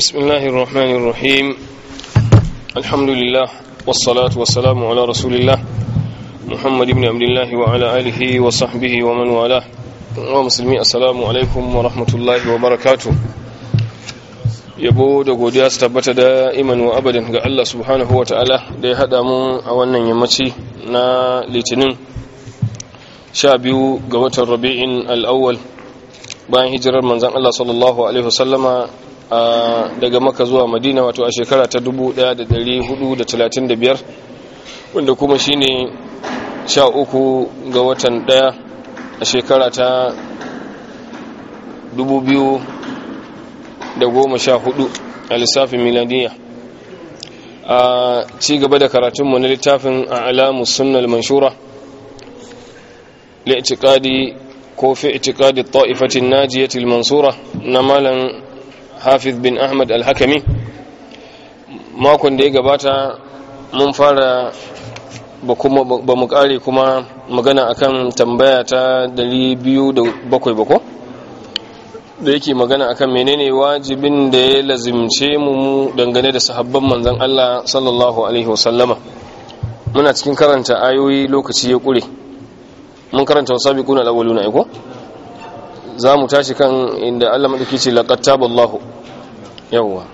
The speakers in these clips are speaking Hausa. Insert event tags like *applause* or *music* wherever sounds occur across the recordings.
بسم الله الرحمن الرحيم الحمد لله والصلاة والسلام على رسول الله محمد بن عبد الله وعلى آله وصحبه ومن والاه ومسلمي السلام عليكم ورحمة الله وبركاته yabo da godiya su tabbata da iman wa abadin ga Allah subhanahu wa ta'ala da ya haɗa mu a wannan yammaci na litinin sha biyu ga watan rabi'in al'awwal bayan hijirar manzan Allah daga maka zuwa madina wato a shekara ta 1435 wanda kuma shi shine 13 ga watan 1 a shekara ta 2014 a lissafin miladiya a ci gaba da karatunmu na littafin a alamu sunnal manshura la'itikadi ko fi itikadi ta'ifatin najiyatil mansura na malam hafiz bin ahmad al-Hakami, makon da ya gabata mun fara ba ƙare mu kare kuma magana akan tambaya ta 277 da yake magana akan menene wajibin da ya lazimce mu dangane da sahabban manzon Allah sallallahu alaihi wasallama muna cikin karanta ayoyi lokaci ya kure mun karanta wasabiquna na aiko za mu tashi kan inda Allah ke ce laƙattabu Allah yawwa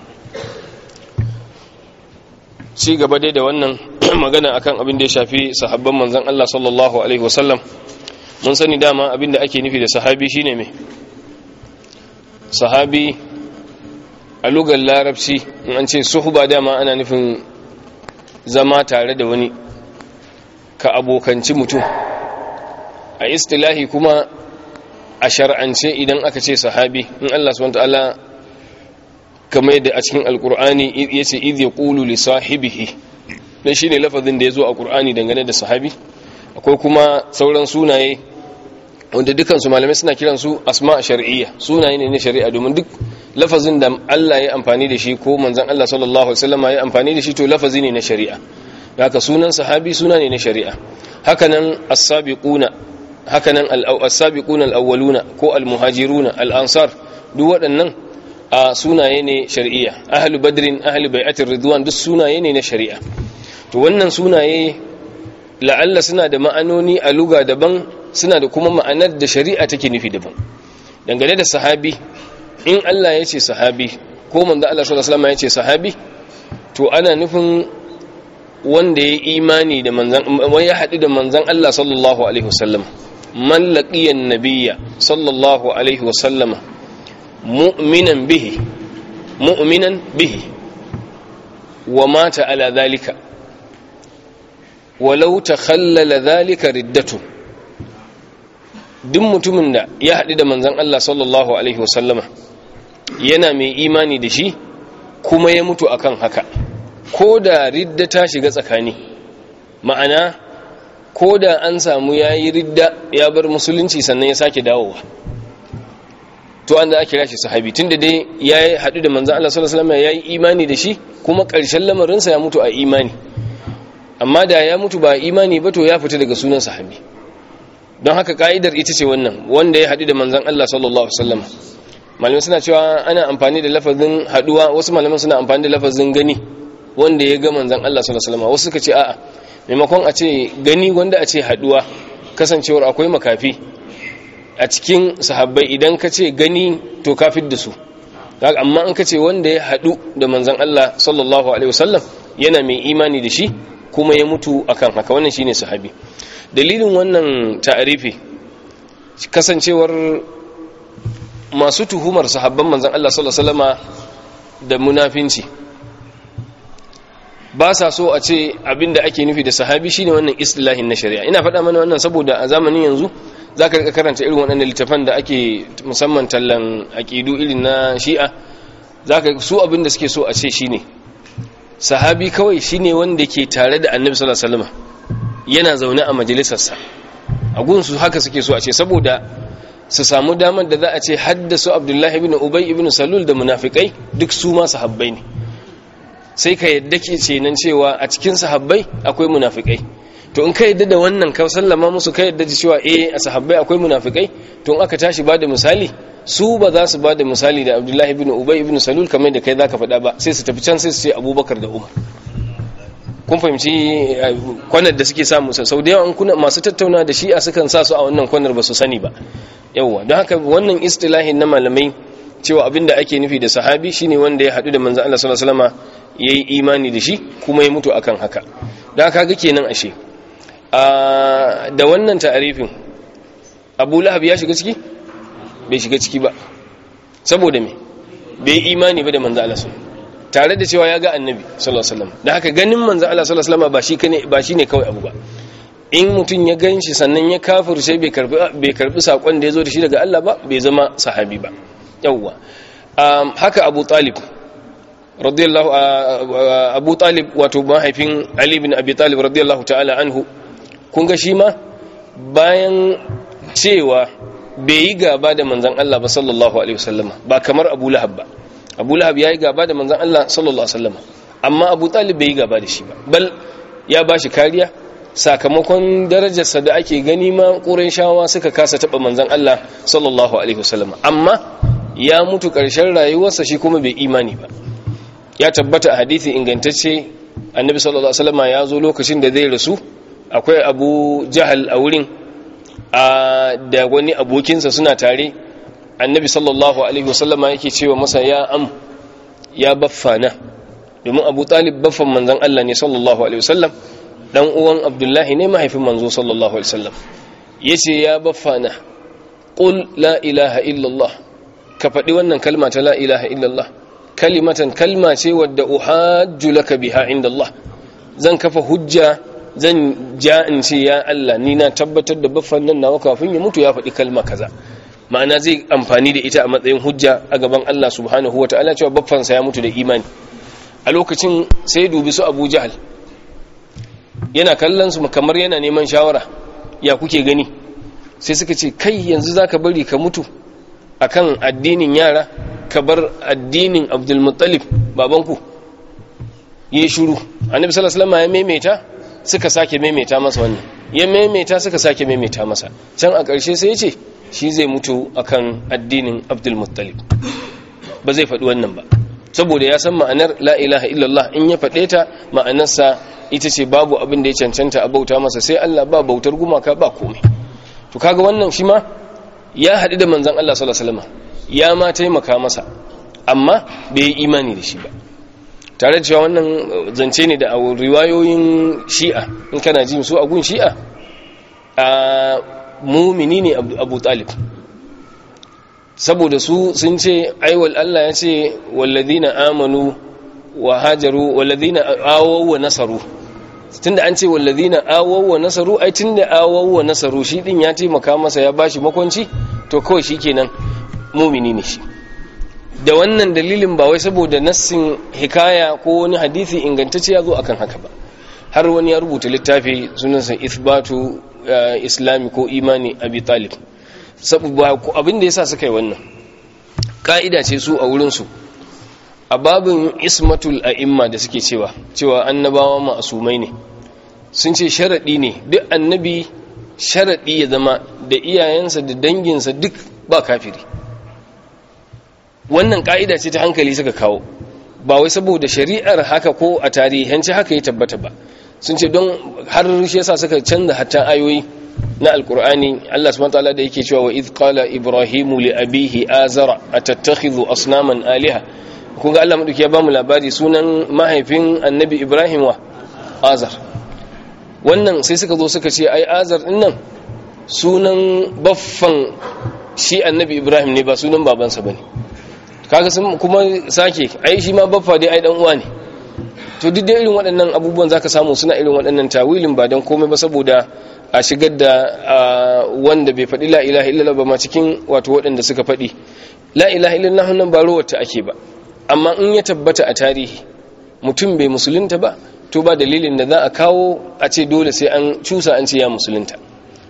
ci gaba dai da wannan *clears throat* magana akan abin da ya shafi sahabban manzan Allah sallallahu alaihi wasallam mun sani dama abin da ake nufi da sahabi shine mai. sahabi a lugar larabci in an ce suhuba dama ana nufin zama tare da wani ka abokanci mutum a istilahi kuma a shar'ance idan aka ce sahabi in Allah subhanahu wataala kamar yadda a cikin alkur'ani yace idh yaqulu li sahibihi dan shine lafazin da yazo a qur'ani dangane da sahabi akwai kuma sauran sunaye wanda dukansu malamai suna kiransu asma shar'iyya sunaye ne na shari'a domin duk lafazin da Allah ya amfani da shi ko manzon Allah sallallahu alaihi wasallam ya amfani da shi to lafazi ne na shari'a haka sunan sahabi suna ne na shari'a nan as-sabiquna hakanan al-sabiquna al-awwaluna ko al-muhajiruna al-ansar duk waɗannan a sunaye ne shari'a ahlu badrin ahlu bai'atir ridwan duk sunaye ne na shari'a to wannan sunaye la'alla suna da ma'anoni a luga daban suna da kuma ma'anar da shari'a take nufi daban dangane da sahabi in Allah ya ce sahabi ko manzo Allah sallallahu ya ce sahabi to ana nufin wanda ya imani da manzan ya haɗu da manzan Allah sallallahu alaihi wasallam man laqiyan nabiyya sallallahu alaihi wa sallama mu'minan bihi mu'minan bihi wa mata ala dhalika walau takhallala dhalika riddatu duk mutumin da ya haɗu da manzon Allah sallallahu alaihi wa sallama yana mai imani da shi kuma ya mutu akan haka ko da ridda ta shiga tsakani ma'ana ko da an samu ya yi ridda ya bar musulunci sannan ya sake dawowa to an da ake rashi sahabi tun da dai ya yi haɗu da manzan Allah sallallahu Alaihi wasallam ya yi imani da shi kuma ƙarshen lamarinsa ya mutu a imani amma da ya mutu ba imani ba to ya fita daga sunan sahabi don haka ka'idar ita ce wannan wanda ya haɗu da manzan Allah sallallahu Alaihi wasallam malamai suna cewa ana amfani da lafazin haɗuwa wasu malamai suna amfani da lafazin gani wanda ya ga manzan Allah sallallahu Alaihi wasallam wasu suka ce a'a maimakon a ce gani wanda a ce haduwa kasancewar akwai makafi a cikin sahabbai idan ka ce gani to kafin da su amma an ka ce wanda ya hadu da manzan Allah sallallahu alaihi wasallam yana mai imani da shi kuma ya mutu akan haka wannan shine sahabi dalilin wannan ta'arifi kasancewar masu tuhumar sahabban manzan Allah sallallahu alaihi wasallama da munafinci ba sa so a ce abin abinda ake nufi da sahabi shine wannan islahin na shari'a ina faɗa mana wannan saboda a zamanin yanzu za ka rika karanta irin waɗannan littafan da ake musamman tallan aƙidu irin na shi'a za ka su abin da suke so a ce shine sahabi kawai shine wanda ke tare da annabi sallallahu alaihi wasallam yana zaune a majalisarsa a gunsu haka suke so a ce saboda su samu damar da za a ce haddasu abdullahi ibn ubay ibn salul da munafikai duk su ma sahabbai ne sai ka yadda ke cenan cewa a cikin sahabbai akwai munafikai to in ka yadda da wannan ka sallama musu ka yadda cewa eh a sahabbai akwai munafikai to in aka tashi ba da misali su ba za su ba da misali da abdullahi ibn ubay ibn salul kamar da kai za ka faɗa ba sai su tafi can sai su ce abubakar da umar kun fahimci eh, kwanar da suke samu sau da yawan kuna masu tattauna da shi'a sukan sa su a wannan kwanar ba su sani ba yawwa don haka wannan istilahin na malamai cewa abinda ake nufi da sahabi shine wanda ya hadu da manzan Allah sallallahu alaihi ya yi imani da shi kuma ya mutu akan haka da kaga kenan ashe da wannan ta'arifin abu lahab ya shiga ciki bai shiga ciki ba saboda me bai imani ba da manzo Allah tare da cewa ya ga annabi sallallahu alaihi wasallam da haka ganin manzo Allah sallallahu alaihi wasallam ba shi kane ba shine kawai abu ba in mutum ya ganshi sannan ya kafir sai bai karbi bai karbi sakon da yazo da shi daga Allah ba bai zama sahabi ba yawwa haka Abu Talib radiyallahu abu talib wato mahaifin ali bin abi talib radiyallahu ta'ala anhu kun ga shi ma bayan cewa bai yi gaba da manzan Allah ba sallallahu alaihi wasallama ba kamar abu lahab ba abu lahab ya yi gaba da manzan Allah sallallahu alaihi wasallama amma abu talib bai yi gaba da shi ba bal ya ba shi kariya sakamakon darajarsa da ake gani ma ƙurin shawa suka kasa taɓa manzan Allah sallallahu alaihi wasallama amma ya mutu ƙarshen rayuwarsa shi kuma bai imani ba ya tabbata a hadithi ingantacce annabi sallallahu alaihi wasallam ya zo lokacin da zai rasu akwai abu jahal a wurin da wani abokinsa suna tare annabi sallallahu alaihi wasallam yake cewa masa ya am ya baffana domin abu talib baffan manzon Allah ne sallallahu alaihi wasallam dan uwan abdullahi ne mahaifin manzo sallallahu alaihi wasallam yace ya baffana qul la ilaha illallah ka faɗi wannan kalma ta la ilaha illallah kalimatan kalma ce wadda uhajju laka biha inda Allah zan kafa hujja zan ja in ce ya Allah ni na tabbatar da baffan nan nawa kafin ya mutu ya faɗi kalma kaza ma'ana zai amfani da ita a matsayin hujja a gaban Allah subhanahu wataala cewa baffansa ya mutu da imani a lokacin sai dubi su Abu Jahl yana kallon su kamar yana neman shawara ya kuke gani sai suka ce kai yanzu zaka bari ka mutu akan addinin yara ka bar addinin abdulmuttalib babanku ya yi shuru annabi sallallahu alaihi ya maimaita suka sake maimaita masa wannan ya maimaita suka sake maimaita masa can a ƙarshe sai ya ce shi zai mutu akan addinin abdulmuttalib ba zai faɗi wannan ba saboda ya san ma'anar la illallah in ya faɗe ta ma'anarsa ita ce babu abin da ya cancanta a bauta masa sai Allah ba bautar gumaka ba komai to kaga wannan shi ma ya haɗu da manzan Allah sallallahu ya ma taimaka masa amma bai yi imani da shi ba tare cewa wannan uh, zance ne da riwayoyin shi'a in kana jin su a gun shi'a a mumini ne abu talib saboda su sun ce aiwal Allah ya ce wallazina amanu wa hajaru wallazina awaw wa nasaru tunda an ce wallazina awawwa nasaru ai tunda awawwa nasaru shi din ya taimaka masa ya bashi makwanci to kawai shi kenan mumini ne shi da wannan dalilin ba wai saboda nassin hikaya ko wani hadisi ingantacce ya zo akan haka ba har wani ya rubuta littafi sunansa isbatu eh, islami ko imani abi talib saboda abin da yasa suka yi wannan ka'ida ce su a wurin su a babin ismatul a'imma da suke cewa cewa annabawa ma'asumai ne sun ce sharaɗi ne duk annabi sharaɗi ya zama da iyayensa da danginsa duk ba kafiri wannan ƙa'ida ce ta hankali suka kawo ba wai saboda shari'ar haka ko a tarihanci haka ya tabbata ba sun ce don har rushe sa suka canza hatta ayoyi na alkur'ani Allah subhanahu wataala da yake cewa wa idh qala ibrahimu li abihi azara atattakhidhu asnaman aliha kun ga Allah madauki ya ba mu labari sunan mahaifin annabi Ibrahim wa Azar wannan sai suka zo suka ce ai Azar din nan sunan baffan shi annabi Ibrahim ne ba sunan babansa bane kaga sun kuma sake ai shi ma baffa dai ai dan uwa ne to duk dai irin waɗannan abubuwan zaka samu suna irin waɗannan tawilin ba dan komai ba saboda a shigar da wanda bai faɗi la ilaha illallah ba ma cikin wato waɗanda suka faɗi la ilaha illallah nan ba ruwata ake ba amma in ya tabbata a tarihi mutum bai musulunta ba to ba dalilin da za a kawo a ce dole sai an cusa an ce ya musulunta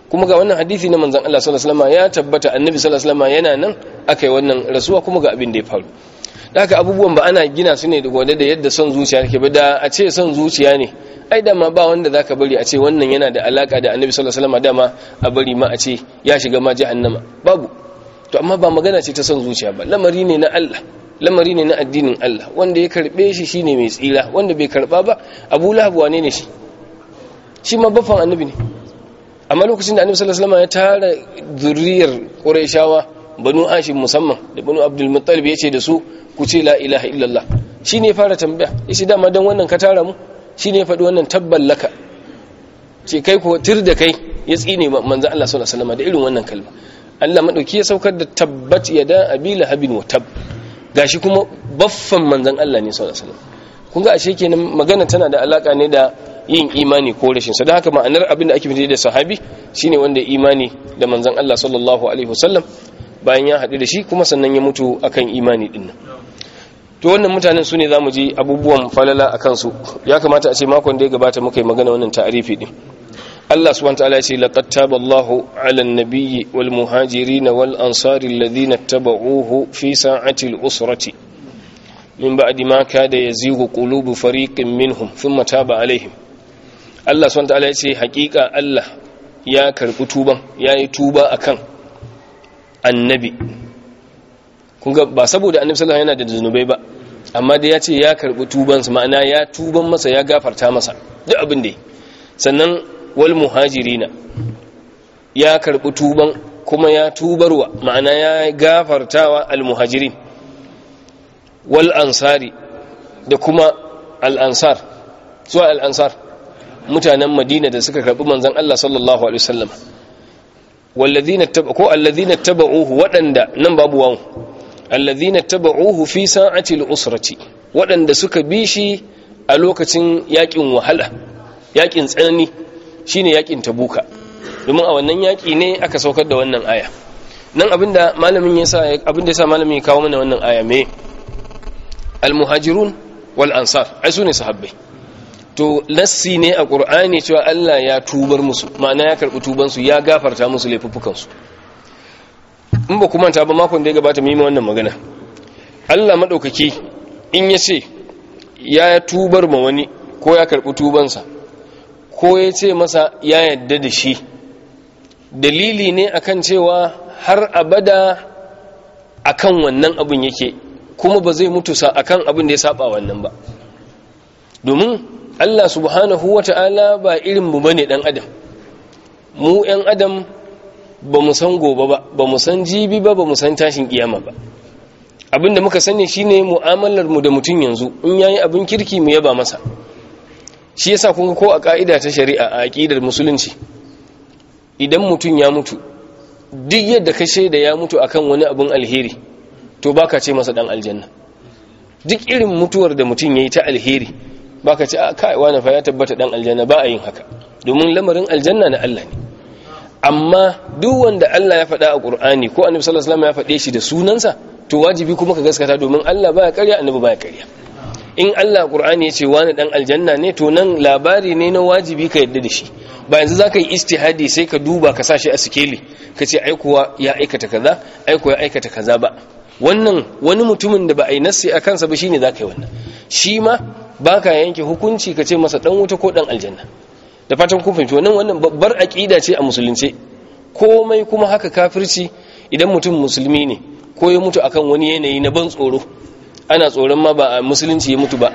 kuma ga wannan hadisi na manzan Allah sallallahu alaihi wasallam ya tabbata annabi sallallahu alaihi wasallam yana nan akai wannan rasuwa kuma ga abin da ya faru haka abubuwan ba ana gina su ne gode da yadda son zuciya take ba da a ce son zuciya ne ai da ma ba wanda zaka bari a ce wannan yana da alaka da annabi sallallahu alaihi wasallam dama a bari ma a ce ya shiga ma jahannama babu to amma ba magana ce ta son zuciya ba lamari ne na Allah lamari ne na addinin Allah wanda ya karbe shi shine mai tsira wanda bai karba ba Abu Lahab wane ne shi shi ma baffan annabi ne amma lokacin da annabi sallallahu alaihi wasallam ya tara zuriyar Qurayshawa banu Hashim musamman da banu Abdul Muttalib yace da su ku ce la ilaha illallah shine fara tambaya yace dama dan wannan ka tara mu shine faɗi wannan laka ce kai ko tir da kai ya tsine manzo Allah sallallahu alaihi wasallam da irin wannan kalma Allah madauki ya saukar da tabbat yada abila habin wa tabb gashi kuma baffan manzan Allah ne sallallahu alaihi wasallam kun ga ashe kenan magana tana da alaka ne da yin imani ko rashin sa haka ma'anar abin da ake fita da sahabi shine wanda imani da manzan Allah sallallahu alaihi wasallam bayan ya hadu da shi kuma sannan ya mutu akan imani din to wannan mutanen su ne za mu ji abubuwan falala a kansu ya kamata a ce makon da ya gabata muka yi magana wannan ta'arifi din Allah subhanahu wataala ce laqad taballahu 'alan nabiyyi wal muhajirin wal ansari alladhina tabauhu fi sa'ati al usrati min ba'di ma kada yazighu qulubu fariqin minhum thumma taba 'alaihim Allah subhanahu wataala ce hakika Allah ya karbi tuban yayi tuba akan annabi kunga ba saboda annabi sallallahu alaihi yana da zunubai ba amma da ya ce ya karbi tuban ma'ana ya tuban masa ya gafarta masa duk abin da sannan wal muhajirina ya karɓi tuban kuma ya tubarwa ma'ana ya gafartawa al muhajirin wal ansari da kuma al ansar zuwa al ansar mutanen madina da suka karɓi manzon Allah sallallahu alaihi wasallam والذين اتبعوا كو الذين اتبعوه ودندا نن بابو واو الذين fi في ساعه الاسره ودندا suka bishi a lokacin yakin wahala yakin tsanani shine yakin tabuka domin a wannan yaki ne aka saukar da wannan aya nan abinda malamin yasa abinda yasa malamin ya kawo mana wannan aya me almuhajirun wal ansar ai sune sahabbai to lassi ne a qur'ani cewa Allah ya tubar musu ma'ana ya karbi tuban su ya gafarta musu laifukan su in ba kuma ta ba makon da ya gabata mu yi wannan magana Allah madaukaki in yace ce ya tubar ma wani ko ya karbi tubansa ko ya ce masa ya yadda da shi dalili ne akan cewa har abada akan wannan abin yake kuma ba zai mutu sa akan abin da ya saba wannan ba domin Allah subhanahu ta'ala ba irin mu bane dan adam mu yan adam ba mu san gobe ba ba mu san jibi ba ba mu san tashin kiyama ba abin da muka sani shine mu'amalar mu da mutum yanzu in yayi abin kirki mu yaba masa shi yasa kun ko a ka'ida ta shari'a a aqidar musulunci idan mutum ya mutu duk yadda ka shaida ya mutu akan wani abin alheri to baka ce masa dan aljanna duk irin mutuwar da mutum yayi ta alheri baka ce a kai wani fa ya tabbata dan aljanna ba a yin haka domin lamarin aljanna na Allah ne amma duk wanda Allah ya faɗa a Qur'ani ko Annabi sallallahu alaihi wasallam ya faɗe shi da sunansa to wajibi kuma ka gaskata domin Allah baya ƙarya Annabi baya ƙarya in Allah Qur'ani ya ce wani dan aljanna ne to nan labari ne na wajibi ka yadda da shi ba yanzu zaka yi istihadi sai ka duba ka sashi a sikeli ka ce ai kuwa ya aikata kaza ai kuwa ya aikata kaza ba wannan wani mutumin da ba a yi nassi a kansa ba shine zaka yi wannan shi ma baka yanke hukunci ka ce masa dan wuta ko dan aljanna da fatan ku fahimci wannan wannan babbar aqida ce a musulunce komai kuma haka kafirci idan mutum musulmi ne ko ya mutu akan wani yanayi na ban tsoro ana tsoron ma ba a musulunci ya mutu ba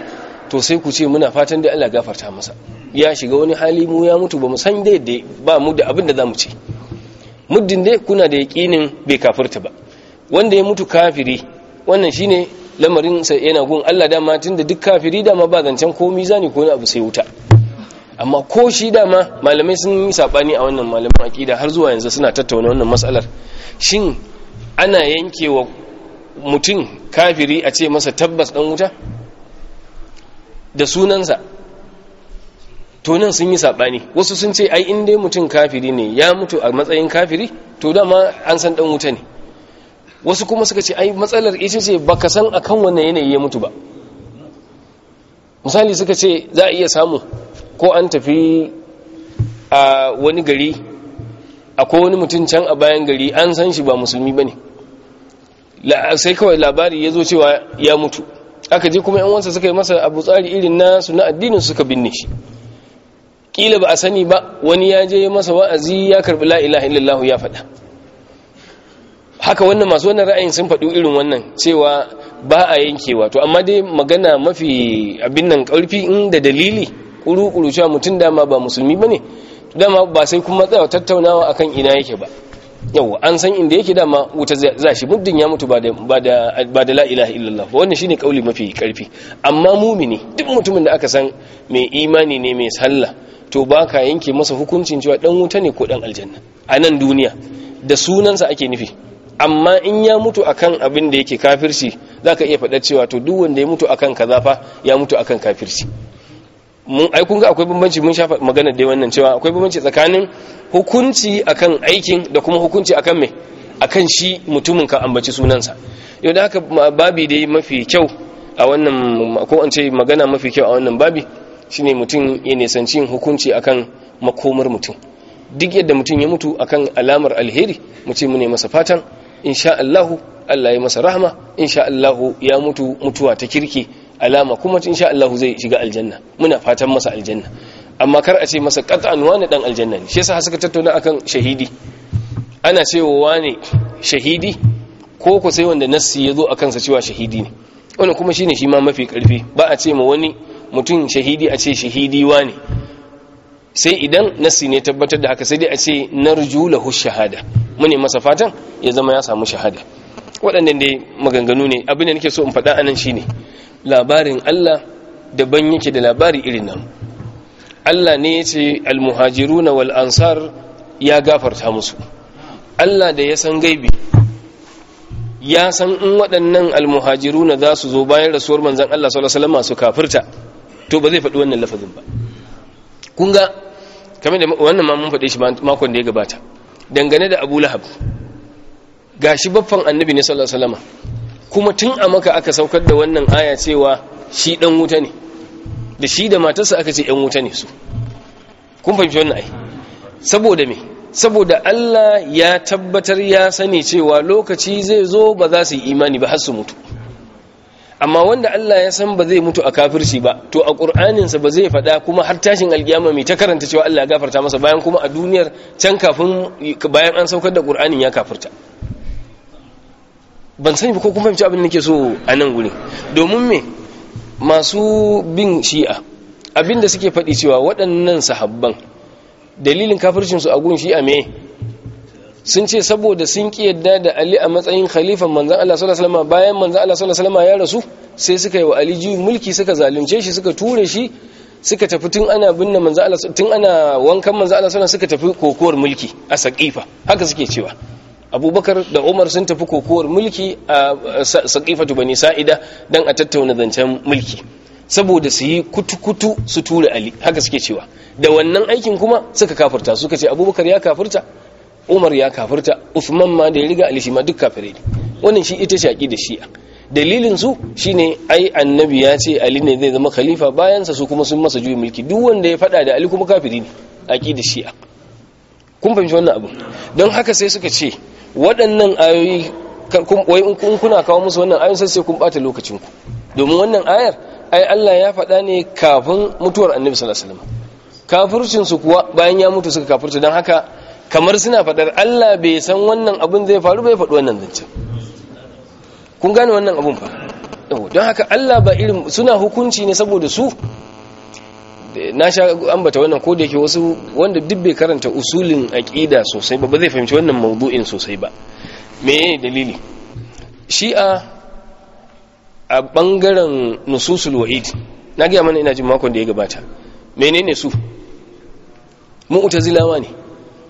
to sai ku ce muna fatan da Allah gafarta masa ya shiga wani hali mu ya mutu ba mu san dai da ba mu da abin da zamu ce muddin dai kuna da yaqinin bai kafirta ba wanda ya mutu kafiri wannan shine lamarin sa yana gun Allah dama tunda duk kafiri dama ba zancen ko zani ko wani abu sai wuta amma ko shi dama malamai sun yi sabani a wannan malamin akida har zuwa yanzu suna tattauna wannan matsalar shin ana yankewa mutum kafiri a ce masa tabbas ɗan wuta da sunansa to nan sun yi saɓani wasu sun ce ai inda mutum kafiri ne ya mutu a matsayin kafiri to dama an san ɗan wuta ne wasu kuma suka ce ai matsalar ita ce ba ka san akan wannan yanayi ya mutu ba misali suka ce za a iya samu ko an tafi a wani gari akwai wani mutum can a bayan gari an san shi ba musulmi ba ne sai kawai labari ya zo cewa ya mutu aka je kuma 'yan wansa suka yi masa abu tsari irin nasu na addinin suka binne shi kila ba a sani ba wani ya je masa wa'azi ya karbi la'ilaha illallahu ya faɗa haka wannan masu wannan ra'ayin sun faɗi irin wannan cewa ba a yankewa to amma dai magana mafi abin nan ƙarfi da dalili kuru-kuru cewa mutum dama ba musulmi ba ne dama ba sai kuma tsaya tattaunawa akan ina yake ba yau an san inda yake dama wuta za shi muddin ya mutu ba da la'ilaha illallah wannan shine kauli mafi karfi amma mumini duk mutumin da aka san mai imani ne mai sallah to ba ka yanke masa hukuncin cewa dan wuta ne ko dan aljanna a nan duniya da sunansa ake nufi amma in ya mutu akan abin da yake kafirci za ka iya faɗa cewa to duk wanda ya mutu akan kaza fa ya mutu akan kafirci mun ai kun ga akwai bambanci mun shafa magana dai wannan cewa akwai bambanci tsakanin hukunci akan aikin da kuma hukunci akan me akan shi mutumin ka ambaci sunansa yau da haka babi dai mafi kyau a wannan ko an ce magana mafi kyau a wannan babi shine mutum ya nisanci yin hukunci akan makomar mutum duk yadda mutum ya mutu akan alamar alheri mu ce mu ne masa fatan insha Allah Allah ya masa rahama insha Allah ya mutu mutuwa ta kirki alama kuma sha Allah zai shiga aljanna muna fatan masa aljanna amma kar a ce masa qat'an wani dan aljanna ne shi yasa suka tattauna akan shahidi ana cewa wani shahidi ko ku sai wanda nassi ya zo akan sa cewa shahidi ne wannan kuma shine shi ma mafi karfi ba a ce ma wani mutum shahidi a ce shahidi wani sai idan nassi ne tabbatar da haka sai dai a ce narju lahu shahada mune masa fatan ya zama ya samu shahada waɗannan dai maganganu ne abin da nake so in faɗa anan shine labarin Allah daban yake da labari irin nan Allah ne ya ce almuhajiruna wal ansar ya gafarta musu Allah da ya san gaibi ya san in waɗannan almuhajiruna za su zo bayan rasuwar manzan Allah sallallahu alaihi wasallam su kafirta to ba zai faɗi wannan lafazin ba kun ga kamar da wannan ma mun faɗe shi makon da ya gabata dangane da Abu Lahab gashi baffan annabi ne sallallahu alaihi kuma tun a maka aka saukar da wannan aya cewa shi dan wuta ne da shi da matarsa aka ce yan wuta ne su kun fahimci wannan ai saboda me saboda Allah ya tabbatar ya sani cewa lokaci zai zo ba za su yi imani ba har su mutu amma wanda Allah ya san ba zai mutu a kafirci ba to a sa ba zai faɗa kuma har tashin alkiyama mai ta karanta cewa Allah ya gafarta masa bayan kuma a duniyar can kafin bayan an saukar da ƙur'anin ya kafirta ban sani ba ko kun fahimci abin da nake so a nan gurin domin me masu bin shi'a abin da suke faɗi cewa waɗannan sahabban dalilin su a gun shi'a me sun ce saboda sun ki yadda da Ali a matsayin khalifan manzan Allah sallallahu alaihi wasallam bayan manzan Allah sallallahu alaihi wasallam ya rasu sai suka yi wa Ali ji mulki suka zalunce shi suka ture shi suka tafi tun ana binne manzan Allah tun ana wankan manzan Allah sallallahu alaihi wasallam suka tafi kokowar mulki a saqifa haka suke cewa abubakar da umar sun tafi kokowar mulki a saƙifatu bani sa'ida don a tattauna zancen mulki saboda su yi kutu su tura ali haka suke cewa da wannan aikin kuma suka kafirta suka ce abubakar ya kafirta umar ya kafirta usman ma da ya riga ali shi ma duk kafire ne wannan shi ita shaƙi da shi'a dalilin su shine ai annabi ya ce ali ne zai zama khalifa bayansa su kuma sun masa juyin mulki duk wanda ya faɗa da ali kuma kafiri ne aƙidar shi'a kun fahimci wannan abu don haka sai suka ce waɗannan ayoyi in kuna kawo musu wannan ayoyin sai kun ɓata lokacinku domin wannan ayar ai Allah ya faɗa ne kafin mutuwar annabi sallallahu alaihi wasallam su kuwa bayan ya mutu suka kafirci don haka kamar suna faɗar Allah bai san wannan abin zai faru bai faɗi wannan zancen kun gane wannan abin fa don haka Allah ba irin suna hukunci ne saboda su na sha ambata wannan ko da yake wasu wanda duk bai karanta usulin aqida sosai ba ba zai fahimci wannan mawdu'in sosai ba me ne dalili shi'a a bangaren nususul wahid na ga mana ina jin makon da ya gabata menene su mu'tazilawa ne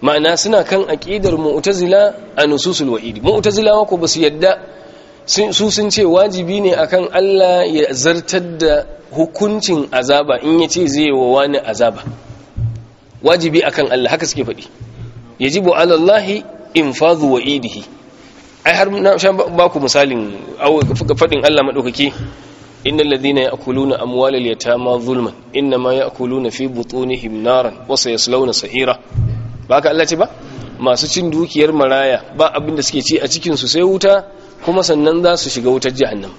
ma'ana suna kan aqidar mu'tazila a nususul wahid mu'tazilawa ko basu yadda su sun ce wajibi ne akan Allah ya zartar da hukuncin azaba in ya ce zai wa wani azaba wajibi akan Allah haka suke faɗi Ya ji in alallahi wa idihi. ai har na shan ba ku misalin faɗin Allah maɗaukaki na ladhina ya ta ma zulman ya akulu na fi wasa ya wa na sahira ba ka Allah ce ba masu cin dukiyar maraya ba abinda suke ci a cikinsu sai wuta kuma sannan za su shiga wutar jahannam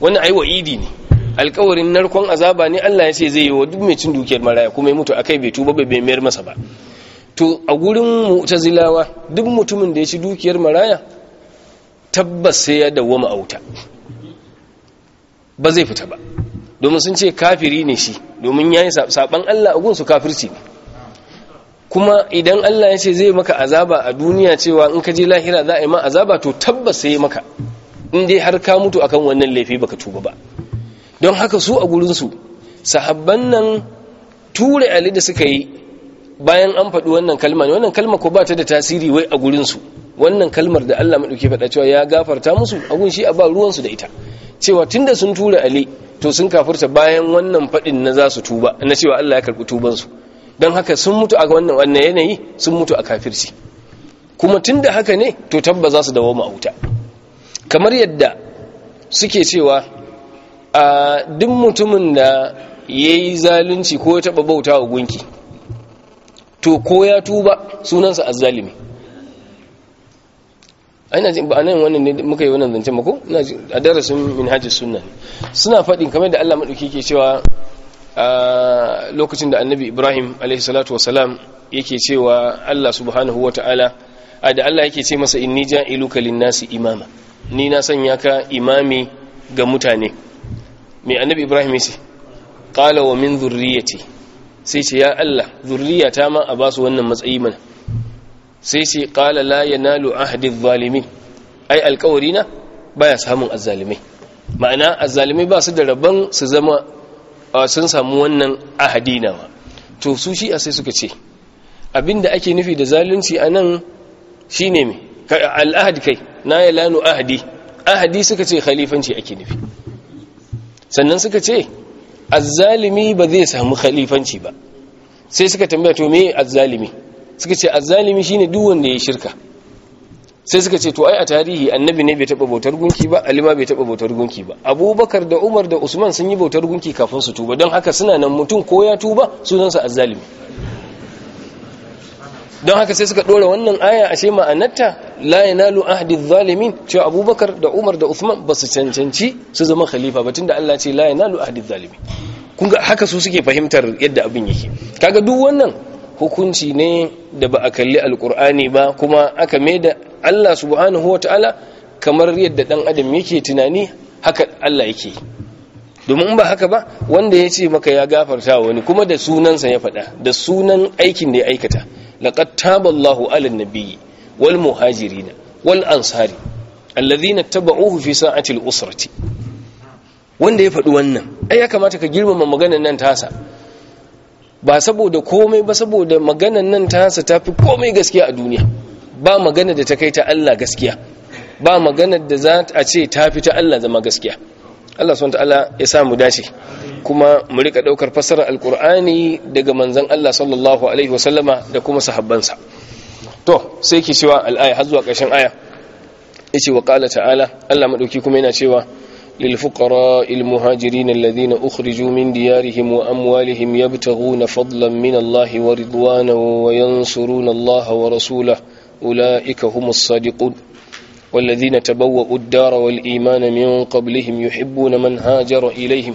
wannan ai wa'idi ne alkawarin narkon azaba ne Allah ya ce zai yi wa duk mai cin dukiyar maraya kuma ya mutu akai bai tuba bai mayar masa ba to a gurin mu'tazilawa duk mutumin da ya ci dukiyar maraya tabbas sai ya dawwama wuta. ba zai fita ba domin sun ce kafiri ne shi domin ya yi saban Allah a gunsu kafirci ne kuma idan Allah ya ce zai maka azaba a duniya cewa in ka je lahira za a yi ma azaba to tabbas sai maka in dai har ka mutu akan wannan laifi baka tuba ba don haka su a gurin su sahabban nan ture ali da suka yi bayan an faɗi wannan kalma ne wannan kalma ko ba ta da tasiri wai a gurin su wannan kalmar da Allah madauke faɗa cewa ya gafarta musu a gun shi a ba ruwan su da ita cewa tunda sun tura ali to sun kafirta bayan wannan faɗin na za su tuba na cewa Allah ya karɓi tuban su don haka sun mutu a wannan wannan yanayi sun mutu a kafirci kuma tun da haka ne to tabba za su dawo ma'auta kamar yadda suke cewa a duk mutumin da ya yi zalunci ko ya taɓa bauta wa gunki to ko ya tuba sunansa a zalimi aina jin ba nan wannan ne muka yi wannan zancen mako a darasin minhajus sunan. suna faɗin kamar da Allah maɗauki ke cewa lokacin da annabi ibrahim alaihissalatu yake cewa allah subhanahu wa ta'ala da allah yake ce masa inni ja'iluka linnasi imama ni na sanya ka imami ga mutane mai annabi ibrahim ya ce qala wa min zurriyati sai ce ya allah zurriyata ma a basu wannan matsayi mana sai ce qala la yanalu ahdi zalimin ai alkawari na baya samun azzalimai ma'ana azzalimai ba su da rabon su zama sun samu wannan ahadi nawa to su shi a sai suka ce abinda ake nufi da zalunci a nan shi ne mai al'ahadi kai na ya lanu ahadi ahadi suka ce khalifanci ake nufi sannan suka ce azzalimi ba zai samu khalifanci ba sai suka tambaya to me azzalimi suka ce azzalimi shine duk wanda ya shirka sai suka ce to ai a tarihi annabi ne bai taba bautar gunki ba alima bai taba bautar gunki ba abubakar da umar da usman sun yi bautar gunki kafin su tuba don haka suna nan mutum ko ya tuba sunansa azzalimi don haka sai suka dora wannan aya ashe ma'anarta la yanalu ahdi zalimin cewa abubakar da umar da usman ba su cancanci su zama khalifa ba tunda Allah ce la yanalu ahdi zalimin kun ga haka su suke fahimtar yadda abin yake kaga duk wannan hukunci ne da ba a kalli alkur'ani ba kuma aka da Allah subhanahu ta'ala kamar yadda dan adam yake tunani haka Allah yake domin ba haka ba wanda ya ce maka ya gafarta wani kuma da sunansa ya faɗa da sunan aikin da ya aikata laqad taballahu alal nabiyyi wal muhajirin wal ansari alladhina tabauhu fi sa'ati al usrati wanda ya faɗi wannan ai ya kamata ka girmama maganar nan tasa ba saboda komai ba saboda maganan nan ta ta tafi komai gaskiya a duniya ba magana da ta kai ta Allah gaskiya ba magana da za a ce ta fi ta Allah zama gaskiya Allah sun ta'ala ya samu dace kuma mu rika daukar fassarar alkur'ani daga manzon Allah sallallahu alaihi wasallama da kuma sahabbansa to sai ki cewa al'aya har zuwa ƙarshen aya yace wa qala ta'ala Allah madauki kuma yana cewa للفقراء المهاجرين الذين أخرجوا من ديارهم وأموالهم يبتغون فضلا من الله ورضوانا وينصرون الله ورسوله أولئك هم الصادقون والذين تبوأوا الدار والإيمان من قبلهم يحبون من هاجر إليهم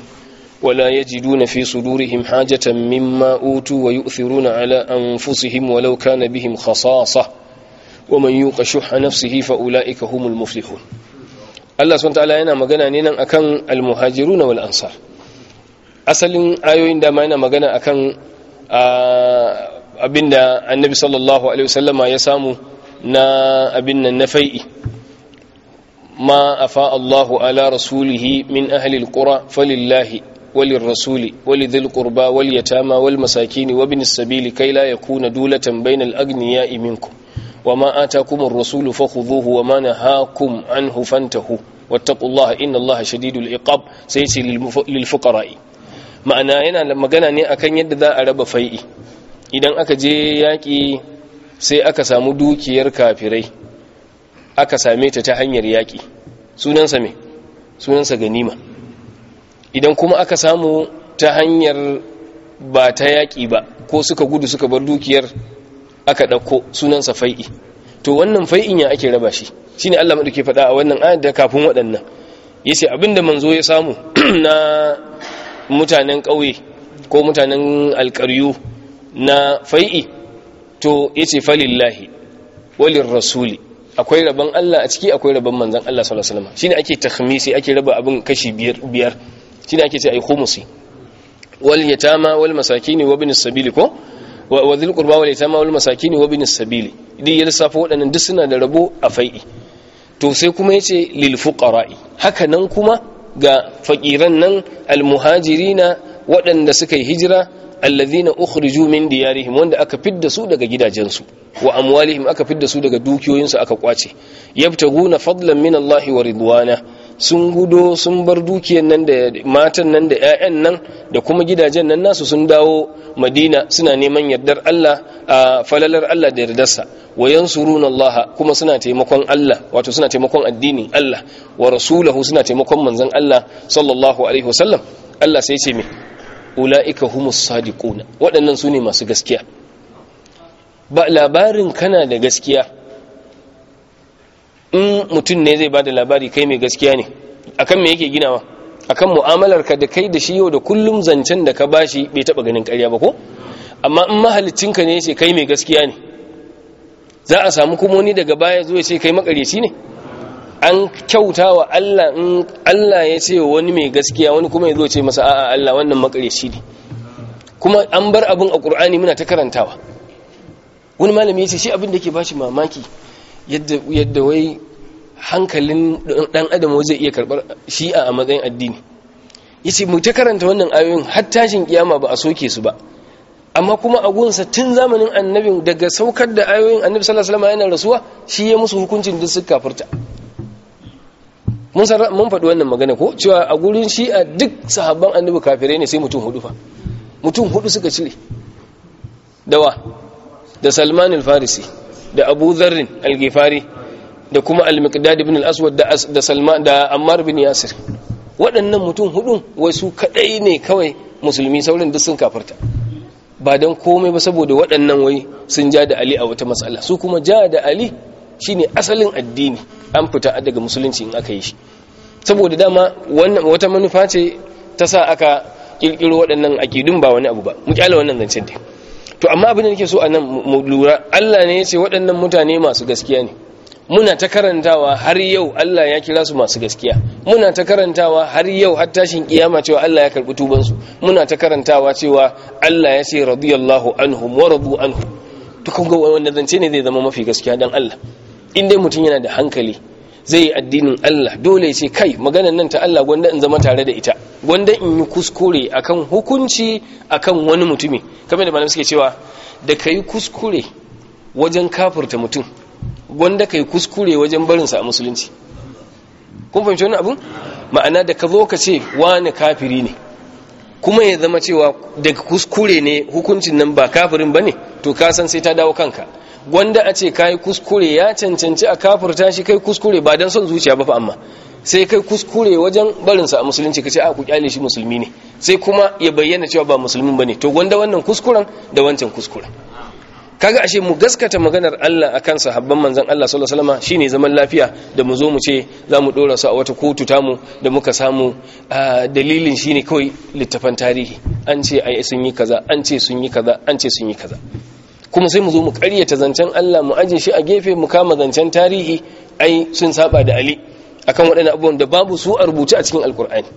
ولا يجدون في صدورهم حاجة مما أوتوا ويؤثرون على أنفسهم ولو كان بهم خصاصة ومن يوق شح نفسه فأولئك هم المفلحون Allah subhanahu yana magana ne nan akan almuhajiruna wal ansar asalin ayoyin dama yana magana akan abinda annabi sallallahu alaihi wasallama ya samu na abin nan na fai'i ma afa Allahu ala rasulihi min ahli kura falillahi وللرسول ولذي wal واليتامى والمساكين وابن السبيل كي لا يكون دولة بين الأغنياء iminku. wa ma kuma ar-rasulu fakhudhuhu wa ma nahakum anhu fantahu wattaqullaha inna allaha shadidul iqab sai ce lil fuqara'i ma'ana yana magana ne akan yadda za a raba fai'i idan aka je yaƙi sai aka samu dukiyar kafirai aka same ta hanyar yaƙi sunansa ganima idan kuma aka samu ta hanyar ba ta yaƙi ba ko suka gudu suka bar dukiyar aka ɗauko sunansa fai'i to wannan fai'in ya ake raba shi shi ne allah ke faɗa a wannan ayat da kafin waɗannan ya ce abinda manzo ya samu *clears throat* na mutanen ƙauye ko mutanen alƙaryu na fai'i to ya ce falillahi walin rasuli akwai rabon allah a ciki akwai rabon manzan allah salasalama shi ne ake takhmisi ake raba abin kashi biyar shi ne ake ce a yi humusi wal yatama wal masaki ne wabin sabili ko wa zil qurba wal yatama wal masakin wa bin sabili idan ya lissafa waɗannan duk suna da rabo a fai'i to sai kuma yace lil fuqara'i haka nan kuma ga fakiran nan al muhajirina waɗanda suka yi hijira alladhina ukhriju min diyarihim wanda aka fidda su daga gidajensu wa amwalihim aka fidda su daga dukiyoyinsu aka kwace yabtaguna fadlan min Allah wa ridwana sun gudo sun bar dukiyar nan da matan nan da 'ya'yan nan da kuma gidajen nan nasu sun dawo madina suna neman yardar Allah a falalar Allah da yardarsa wa yansuruna Allah kuma suna taimakon Allah wato suna taimakon addini Allah wa rasulahu suna taimakon manzon Allah sallallahu alaihi wasallam Allah sai ce me ulaika humus sadiquna waɗannan su ne masu gaskiya ba labarin kana da gaskiya in mutum ne zai bada labari kai mai gaskiya ne akan me yake ginawa akan mu'amalar ka da kai da shi yau da kullum zancen da ka bashi bai taba ganin karya ba ko amma in mahalicinka ne ce kai mai gaskiya ne za a samu kuma wani daga baya zuwa ce kai makaryaci ne an kyauta wa Allah in Allah ya ce wani mai gaskiya wani kuma ya zo ce masa a'a Allah wannan makaryaci ne kuma an bar abin a Qur'ani muna ta karantawa wani malami ya ce shi abin da yake bashi mamaki yadda wai hankalin dan adam zai iya karbar shi'a a matsayin addini yace mu ta karanta wannan ayoyin hattashin kiyama ba a soke su ba amma kuma a gunsa tun zamanin annabin daga saukar da ayoyin annabi salasalama yana rasuwa shi ya musu hukuncin duk suka furta mun faɗi wannan magana ko cewa a gurin shi'a duk sahabban annabi kafirai ne sai mutum hudu fa mutum hudu suka cire dawa da Salman farisi da abu zarrin algifari da kuma al-miqdad ibn al-aswad da salma da ammar bin yasir waɗannan mutum hudun wai su kadai ne kawai musulmi sauran duk sun kafarta ba don komai ba saboda waɗannan wai sun ja da ali a wata matsala su kuma ja da ali shine asalin addini an fita daga musulunci in aka yi shi saboda dama wannan wata manufa ce ta sa aka kirkiro waɗannan akidun ba wani abu ba mu kyale wannan zancen dai to amma abin da nake so a nan mu lura Allah ne ya ce waɗannan mutane masu gaskiya ne muna ta karantawa har yau Allah ya kira su masu gaskiya muna ta karantawa har yau har tashin kiyama cewa Allah ya karbi tuban su muna ta karantawa cewa Allah ya ce radiyallahu anhum wa radu anhu to kun ga wannan zance ne zai zama mafi gaskiya dan Allah in dai mutum yana da hankali zai yi addinin Allah dole ce kai maganan nan ta Allah gwanda in zama tare da ita gwanda in yi kuskure akan hukunci akan wani mutumi kamar da malamai suke cewa da kai kuskure wajen kafurta mutum gwanda kai kuskure wajen barinsa a musulunci kun fahimci wani abu ma'ana da ka zo ka ce wani kafiri ne kuma ya zama cewa daga kuskure ne hukuncin nan ba kafirin ba ne to ka san sai ta dawo kanka gwanda a ce kai kuskure ya cancanci a kafurta shi kai kuskure ba don son zuciya ba fa amma sai kai kuskure wajen barinsa a musulunci kace a ku kyale shi musulmi ne sai kuma ya bayyana cewa ba musulmin bane to gwanda wannan kuskuren da wancan kuskuren kaga ashe mu gaskata maganar Allah akan sahabban manzon Allah sallallahu alaihi wasallam shine zaman lafiya da mu zo mu ce za mu dora su a wata kotu tamu da muka samu dalilin shine kawai littafan tarihi an ce ai sun yi kaza an ce sun yi kaza an ce sun yi kaza kuma sai mu zo mu ƙaryata zancen Allah mu aje shi a gefe mu kama zancen tarihi ai sun saba da Ali akan waɗannan abubuwan da babu su a rubuce a cikin alkur'ani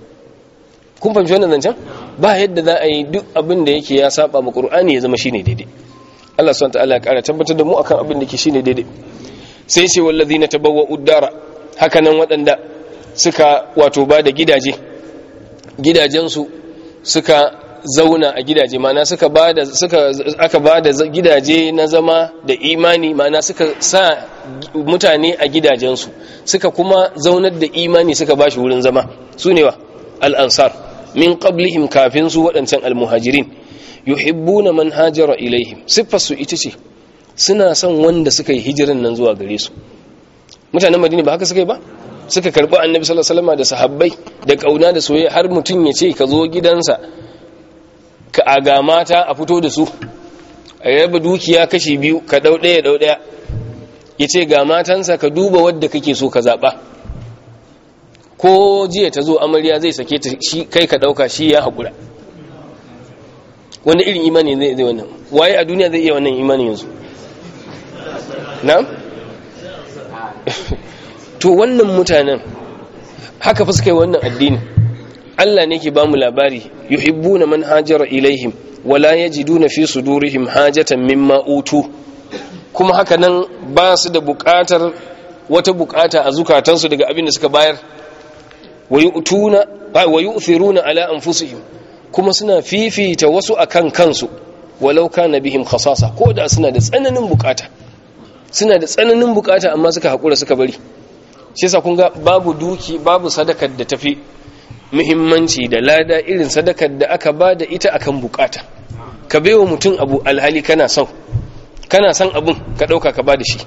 kun fahimci wannan zancen ba yadda za a yi duk abin da yake ya saba ma qur'ani ya zama shine daidai Allah subhanahu ta'ala ya ƙara tabbatar da mu akan abin da ke shine daidai sai sai wallazina tabawwa'u dara haka nan waɗanda suka wato ba da gidaje gidajensu suka zauna a gidaje mana suka bada suka aka bada gidaje na zama da imani mana suka sa mutane a gidajensu suka kuma zaunar da imani suka bashi wurin zama su ne wa al-ansar min qablihim kafin su waɗancan al-muhajirin yuhibbuna man hajara ilaihim siffarsu ita ce suna son wanda suka yi hijiran nan zuwa gare su mutanen madina ba haka suka yi ba suka karbi annabi sallallahu alaihi wasallam da sahabbai da kauna da soyayya har mutun ya ce ka zo gidansa ka ga mata a fito da su a yaba dukiya kashi biyu ka dau daya dau daya yace ga matansa ka duba wadda kake so ka zaba ko jiya ta zo amarya zai sake ta shi kai ka dauka shi ya hakura wanda irin imani zai zai wannan waye a duniya zai iya wannan imani yanzu na? *laughs* to wannan mutanen haka fuskai wannan addini Allah ne ke ba mu labari yuhibbuna man manhajar ilaihim wala yajiduna fi sudurihim hajatan min ma'utu. kuma haka nan ba su da bukatar wata bukata a zukatansu daga abin da suka bayar wa yu'thiruna ala anfusihim kuma suna fifita wasu akan kansu walau na bihim khasasa ko da suna da tsananin bukata suna da tsananin bukata amma suka hakura suka bari shi yasa kun ga babu duki babu sadakar da tafi muhimmanci da lada irin sadakar da aka ba da ita akan bukata ka baiwa mutum abu alhali kana son kana son abun ka dauka ka ba da shi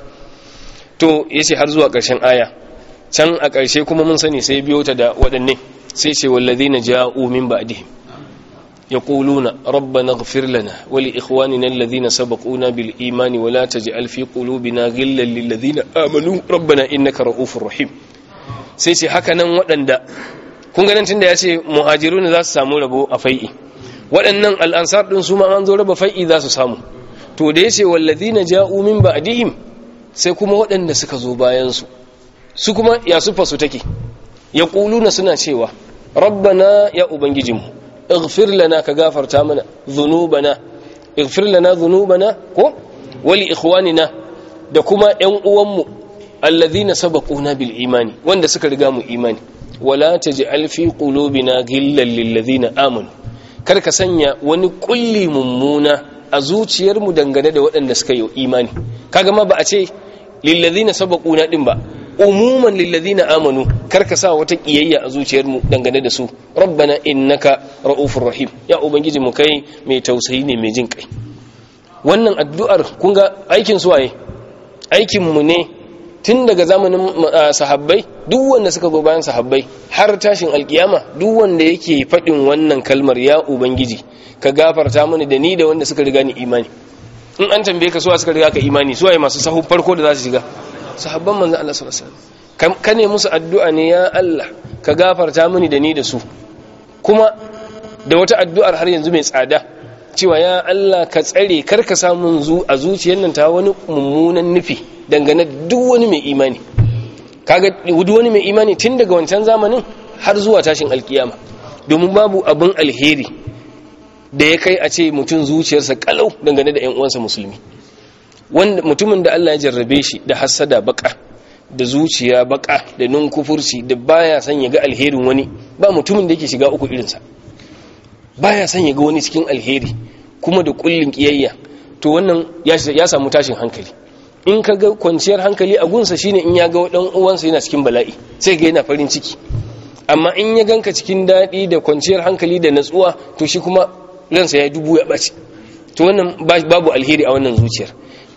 to yace har zuwa ƙarshen aya can a ƙarshe kuma mun sani sai biyo ta da waɗanne sai ce wallazina ja'u min ba'dihim yaquluna rabbana ighfir lana wa li ikhwanina alladhina sabaquna bil imani wa la taj'al fi qulubina ghillan lil ladina amanu rabbana innaka ra'ufur rahim sai ce haka nan waɗanda kun ganin tun da ya ce muhajiru ne za su samu rabo a fai'i waɗannan al'ansar ɗin su an zo raba fai'i za su samu to da ya ce wallazi na umin min ba'dihim sai kuma waɗanda suka zo bayansu su kuma ya sufa su take ya ƙuluna suna cewa rabbana ya ubangijinmu ighfir lana ka gafarta mana zunubana ighfir lana zunubana ko wali ikhwanina da kuma ƴan uwanmu allazina sabaquna bil imani wanda suka riga mu imani wala ta ji alfi ghillan gillan lillazi amanu kar ka sanya wani ƙulli mummuna a zuciyarmu dangane da waɗanda suka yi imani kaga ma ba a ce na saba ƙuna ɗin ba umuman lillazi na amanu kar ka sa wata ƙiyayya a zuciyarmu dangane da su rabbana innaka raufur rahim ya ubangiji mu kai mai tausayi ne mai jin kai wannan addu'ar kun ga aikin su waye aikin ne tun daga zamanin uh, sahabbai duk wanda suka zo bayan sahabbai har tashin alkiyama duk wanda yake faɗin wannan kalmar ya ubangiji ka gafarta mini da ni da wanda suka riga ni imani in an tambaye ka suwa suka riga ka imani suwa yi masu sahu farko da za su shiga sahabban manzan Allah sallallahu alaihi wasallam ka ne musu addu'a ne ya Allah ka gafarta mini da ni da su kuma da wata addu'ar har yanzu mai tsada cewa ya Allah ka tsare kar ka samu a zuciyar nan ta wani mummunan nufi dangane duk wani mai imani kaga duk wani mai imani tun daga wancan zamanin har zuwa tashin alkiyama domin babu abin alheri da ya kai a ce mutum zuciyarsa kalau dangane da 'yan uwansa musulmi wanda mutumin da Allah ya jarrabe shi da hassada baka da zuciya baka da kufurci da baya son ya ga alherin wani ba mutumin da yake shiga uku irinsa baya san ya ga wani cikin alheri kuma da kullin kiyayya to wannan ya samu tashin hankali in ka ga kwanciyar hankali a gunsa shine in ya ga dan uwansa yana cikin bala'i sai ga yana farin ciki amma in ya ganka cikin daɗi da kwanciyar hankali da natsuwa to shi kuma ransa ya dubu ya ɓace to wannan babu alheri a wannan zuciyar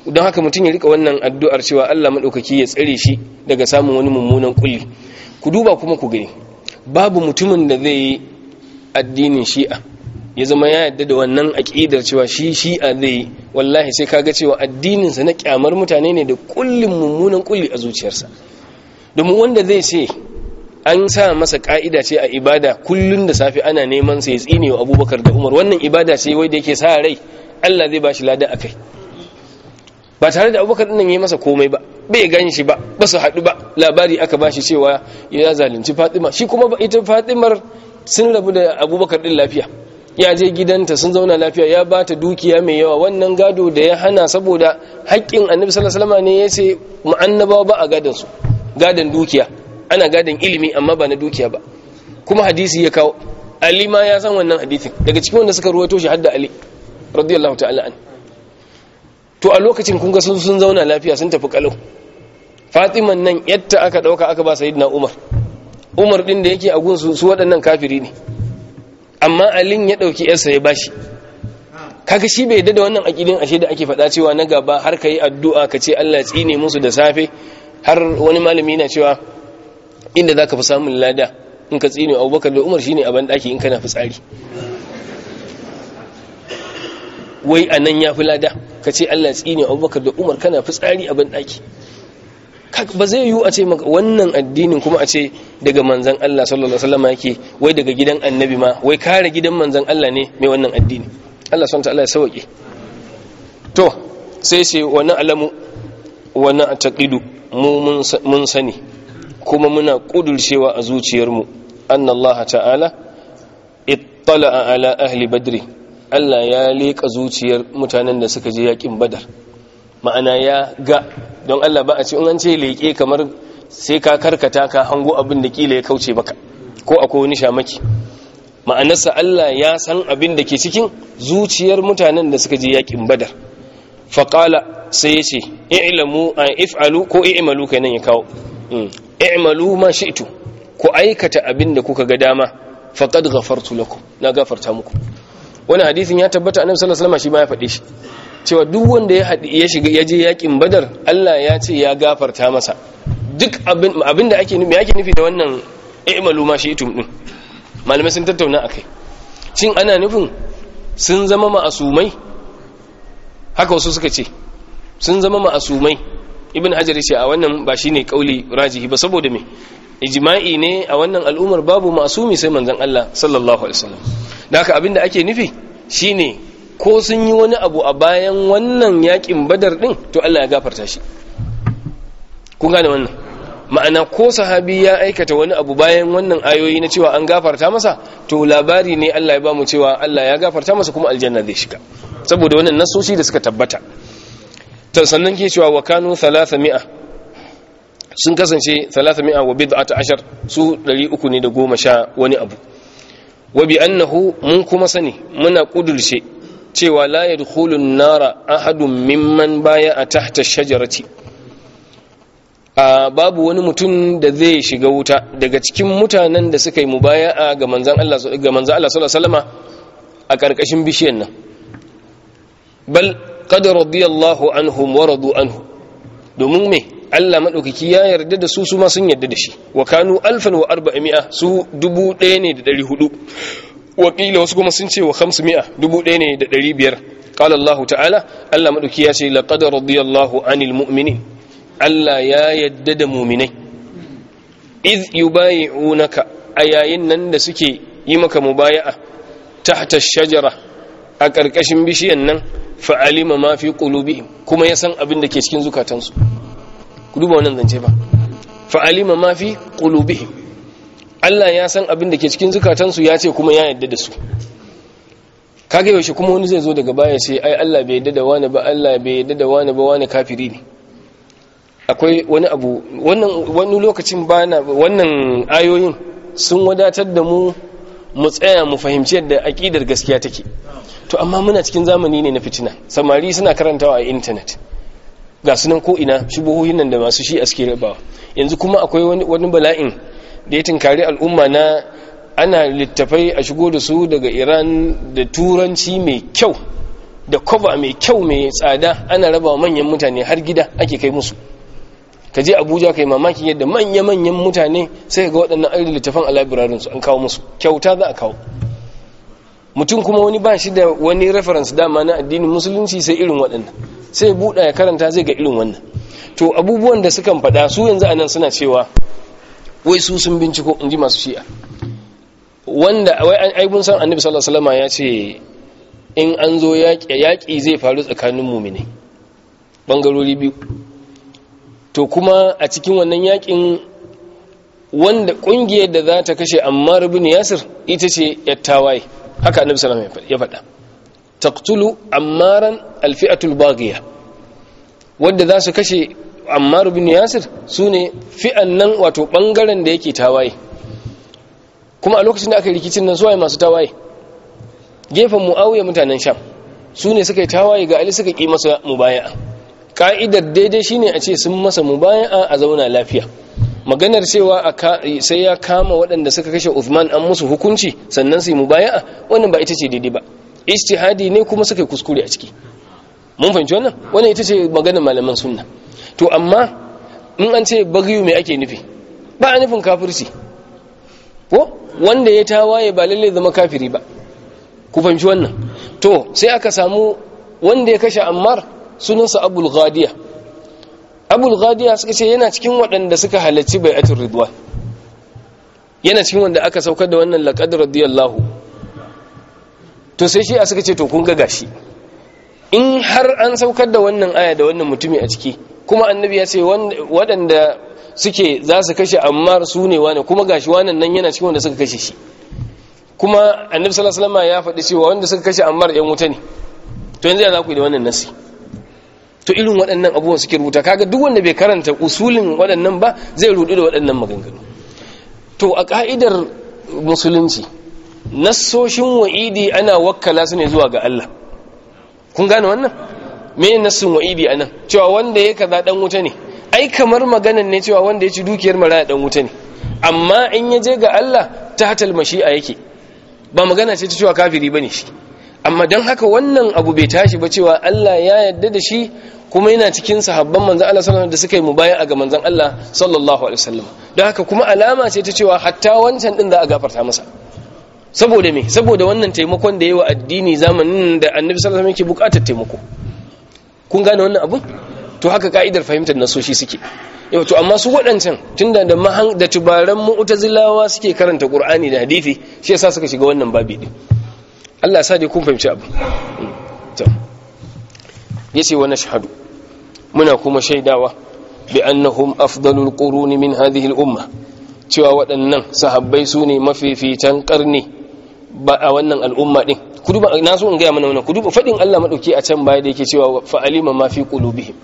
don haka mutum ya rika wannan addu'ar cewa Allah maɗaukaki ya tsare shi daga samun wani mummunan kulli ku duba kuma ku gani babu mutumin da zai yi addinin shi'a ya zama ya yadda da wannan aƙidar cewa shi shi a zai wallahi sai kaga cewa addininsa na kyamar mutane ne da kullum mummunan kulli a zuciyarsa domin wanda zai ce an sa masa ka'ida ce a ibada kullum da safe ana neman sai tsine wa abubakar da umar wannan ibada ce wai da yake sa rai allah zai ba shi lada a kai ba tare da abubakar ɗin ya masa komai ba bai gan shi ba ba su haɗu ba labari aka ba shi cewa ya zalunci fatima shi kuma ita fatimar sun rabu da abubakar ɗin lafiya ya je gidanta sun zauna lafiya ya ba ta dukiya mai yawa wannan gado da ya hana saboda haƙƙin annabi sallallahu alaihi ne ya ce mu'annabawa ba a gadon su gadon dukiya ana gadon ilimi amma ba na dukiya ba kuma hadisi ya kawo ali ma ya san wannan hadisin daga cikin wanda suka ruwato shi hadda ali radiyallahu ta'ala an to a lokacin kun ga sun zauna lafiya sun tafi kalau fatiman nan yadda aka dauka aka ba sayyidina umar umar din da yake a gunsu su waɗannan kafiri ne amma alin ya ɗauki yarsa ya bashi kaga shi bai yadda da wannan aƙidin ashe da ake faɗa cewa na gaba har ka addu'a ka ce Allah tsine musu da safe har wani malami yana cewa inda za ka fi samun lada in ka tsine abubakar da umar shine a banɗaki in kana fitsari wai a nan ya fi lada ka ce Allah tsine abubakar da umar kana fitsari a banɗaki ba zai yiwu a ce wannan addinin kuma a ce daga manzan Allah sallallahu alaihi wasallam yake wai daga gidan annabi ma wai kare gidan manzan Allah ne mai wannan addini Allah subhanahu ta'ala ya sauke to sai sai wannan alamu wannan taqidu mu mun sani kuma muna kudurcewa a zuciyarmu annallaha ta'ala ittala ala ahli badri Allah ya leka zuciyar mutanen da suka je yakin badar ma'ana ya ga don Allah ba a ce in an ce leƙe kamar sai ka karkata ka hango abin da kila ya kauce baka ko akwai wani shamaki ma'anarsa Allah ya san abin da ke cikin zuciyar mutanen da suka je yakin badar faƙala sai ya ce i'ilamu a if'alu ko i'malu nan ya kawo i'imalu hmm. ma ito ku aikata abin da kuka ga dama faƙad gafartu lakum na gafarta muku Wani hadithin ya tabbata annabi sallallahu alaihi wasallam shi ma ya faɗe shi cewa duk wanda ya ya shiga ya je yakin badar Allah ya ce ya gafarta masa duk abin da ake nufi ake nufi da wannan i'malu ma itum din malamai sun tattauna akai shin ana nufin sun zama ma'asumai haka wasu suka ce sun zama ma'asumai ibn hajar ya ce a wannan ba shi ne kauli rajihi ba saboda mai ijma'i ne a wannan al'ummar babu ma'asumi sai manzon Allah sallallahu alaihi wasallam da haka abin da ake nufi shine ko sun yi wani abu a bayan wannan yakin badar din to Allah ya gafarta shi kun gane wannan ma'ana ko sahabi ya aikata wani abu bayan wannan ayoyi na cewa an gafarta masa to labari ne Allah ya bamu cewa Allah ya gafarta masa kuma aljanna zai shiga saboda wannan nasoshi da suka tabbata to sannan ke cewa wa kanu 300 sun kasance 300 wa bid'atu ashar su 310 da goma sha wani abu wa bi annahu mun kuma sani muna kudulce cewa la yadkhulun nara a ahadun mimman baya a tahta shajarati a babu wani mutum da zai shiga wuta daga cikin mutanen da suka yi mu baya a ga manzan Allah sallallahu alaihi a karkashin bishiyar nan bal qad radiyallahu anhum wa radu anhu domin me Allah madaukaki ya yarda da su su ma sun yarda da shi wa kanu alfan wa arba'a su dubu ɗaya ne da ɗari hudu wakili wasu kuma sun ce wa hamsumiya dubu ɗaya ne da ɗari biyar ƙala ta'ala Allah maɗauki ya ce laƙada radiyallahu anil mu'mini Allah ya yadda da mu'minai iz yi baye unaka a yayin nan da suke yi maka mu baya'a ta hata shajara a ƙarƙashin bishiyar nan fa'ali ma mafi ƙulubi kuma ya san abin da ke cikin zukatansu ku duba wannan zance ba fa'ali ma mafi ƙulubi Allah ya san abin da ke cikin zukatansu ya ce kuma ya yadda da su kage yaushe kuma wani zai zo daga baya sai ai Allah bai yadda da wani ba Allah bai yadda da wani ba wani kafiri ne akwai wani abu wannan wani lokacin bana wannan ayoyin sun wadatar da mu mu tsaya mu fahimci yadda aqidar gaskiya take to amma muna cikin zamani ne na fitina samari suna karantawa a internet ga sunan ko ina shubuhoyin nan da masu shi aske rabawa yanzu kuma akwai wani bala'in da ya tinkari al'umma na ana littafai a shigo da su daga iran da turanci mai kyau da kwaba mai kyau mai tsada ana raba manyan mutane har gida ake kai musu ka je abuja kai mamakin yadda manya-manyan mutane sai ga waɗannan ayyar littafan a labirarinsu an kawo musu kyauta za a kawo mutum kuma wani ba shi da wani reference dama na addinin musulunci sai irin waɗannan sai buɗa ya karanta zai ga irin wannan to abubuwan da sukan faɗa su yanzu anan suna cewa wai su sun binciko in ji masu shi'a wanda wai an aibun san annabi sallallahu alaihi wasallam ya ce in an zo yaƙi zai faru tsakanin mumini bangarori biyu to kuma a cikin wannan yaƙin wanda ƙungiyar da za ta kashe amma ibn yasir ita ce yattawai haka annabi sallallahu alaihi wasallam ya faɗa taqtulu ammaran alfi'atul baghiya wanda za su kashe ammar bin yasir su ne fi'an nan wato bangaren da yake tawaye kuma a lokacin da aka rikicin nan suwaye masu tawaye gefen mu'awiyar mutanen sham su ne suka yi tawaye ga ali suka ƙi masa mubaya'a ka'idar daidai shine a ce sun masa mubaya'a a zauna lafiya maganar cewa sai ya kama waɗanda suka kashe Uthman an musu hukunci sannan su yi mubaya'a wannan ba ita ce daidai ba ijtihadi ne kuma suka yi kuskure a ciki mun fahimci wannan wannan ita ce maganar malaman sunna to amma in an ce bagiyu mai ake nufi ba a nufin kafirci ko wanda ya tawaye ba lalle zama kafiri ba ku fahimci wannan to sai aka samu wanda ya kashe ammar sunansa abul ghadiya abul ghadiya suka ce yana cikin waɗanda suka halarci bai'atul ridwan yana cikin wanda aka saukar da wannan laqad radiyallahu to sai shi a suka ce to kun ga gashi in har an saukar da wannan aya da wannan mutumi a ciki kuma annabi ya ce waɗanda suke za su kashe ammar su ne wane kuma gashi wannan nan yana cikin wanda suka kashe shi kuma annabi sallallahu alaihi wasallam ya faɗi cewa wanda suka kashe ammar yan wuta ne to yanzu ya za ku yi da wannan nasi to irin waɗannan abubuwan suke rubuta kaga duk wanda bai karanta usulin waɗannan ba zai rudu da waɗannan maganganu to a ka'idar musulunci nassoshin wa'idi ana wakkala su ne zuwa ga Allah kun gane wannan me nasin wa'idi anan cewa wanda ya kaza dan wuta ne ai kamar maganan ne cewa wanda ya ci dukiyar maraya dan wuta ne amma in ya je ga Allah ta hatal mashi'a yake ba magana ce ta cewa kafiri bane shi amma dan haka wannan abu bai tashi ba cewa Allah ya yadda da shi kuma yana cikin sahabban manzon Allah sallallahu alaihi wasallam da suka yi mubaya'a ga manzon Allah sallallahu alaihi wasallam don haka kuma alama ce ta cewa hatta wancan din za a gafarta masa saboda me saboda wannan taimakon da yayi wa addini zamanin da annabi sallallahu alaihi wasallam yake bukatar taimako kun gane wannan abun to haka ka'idar fahimtar nasoshi suke yau to amma su waɗancan tunda da mahan da tubaran mu'tazilawa suke karanta qur'ani da hadisi shi yasa suka shiga wannan babi din Allah sa dai kun fahimci abu mm, to yace wa nashhadu muna kuma shaidawa bi annahum afdalul quruni min hadhihi al umma cewa waɗannan sahabbai su ne mafificin karni ba a wannan al'umma din ku duba na so in gaya mana wannan ku duba fadin Allah madauki a can baya da yake cewa fa alima ma fi qulubihim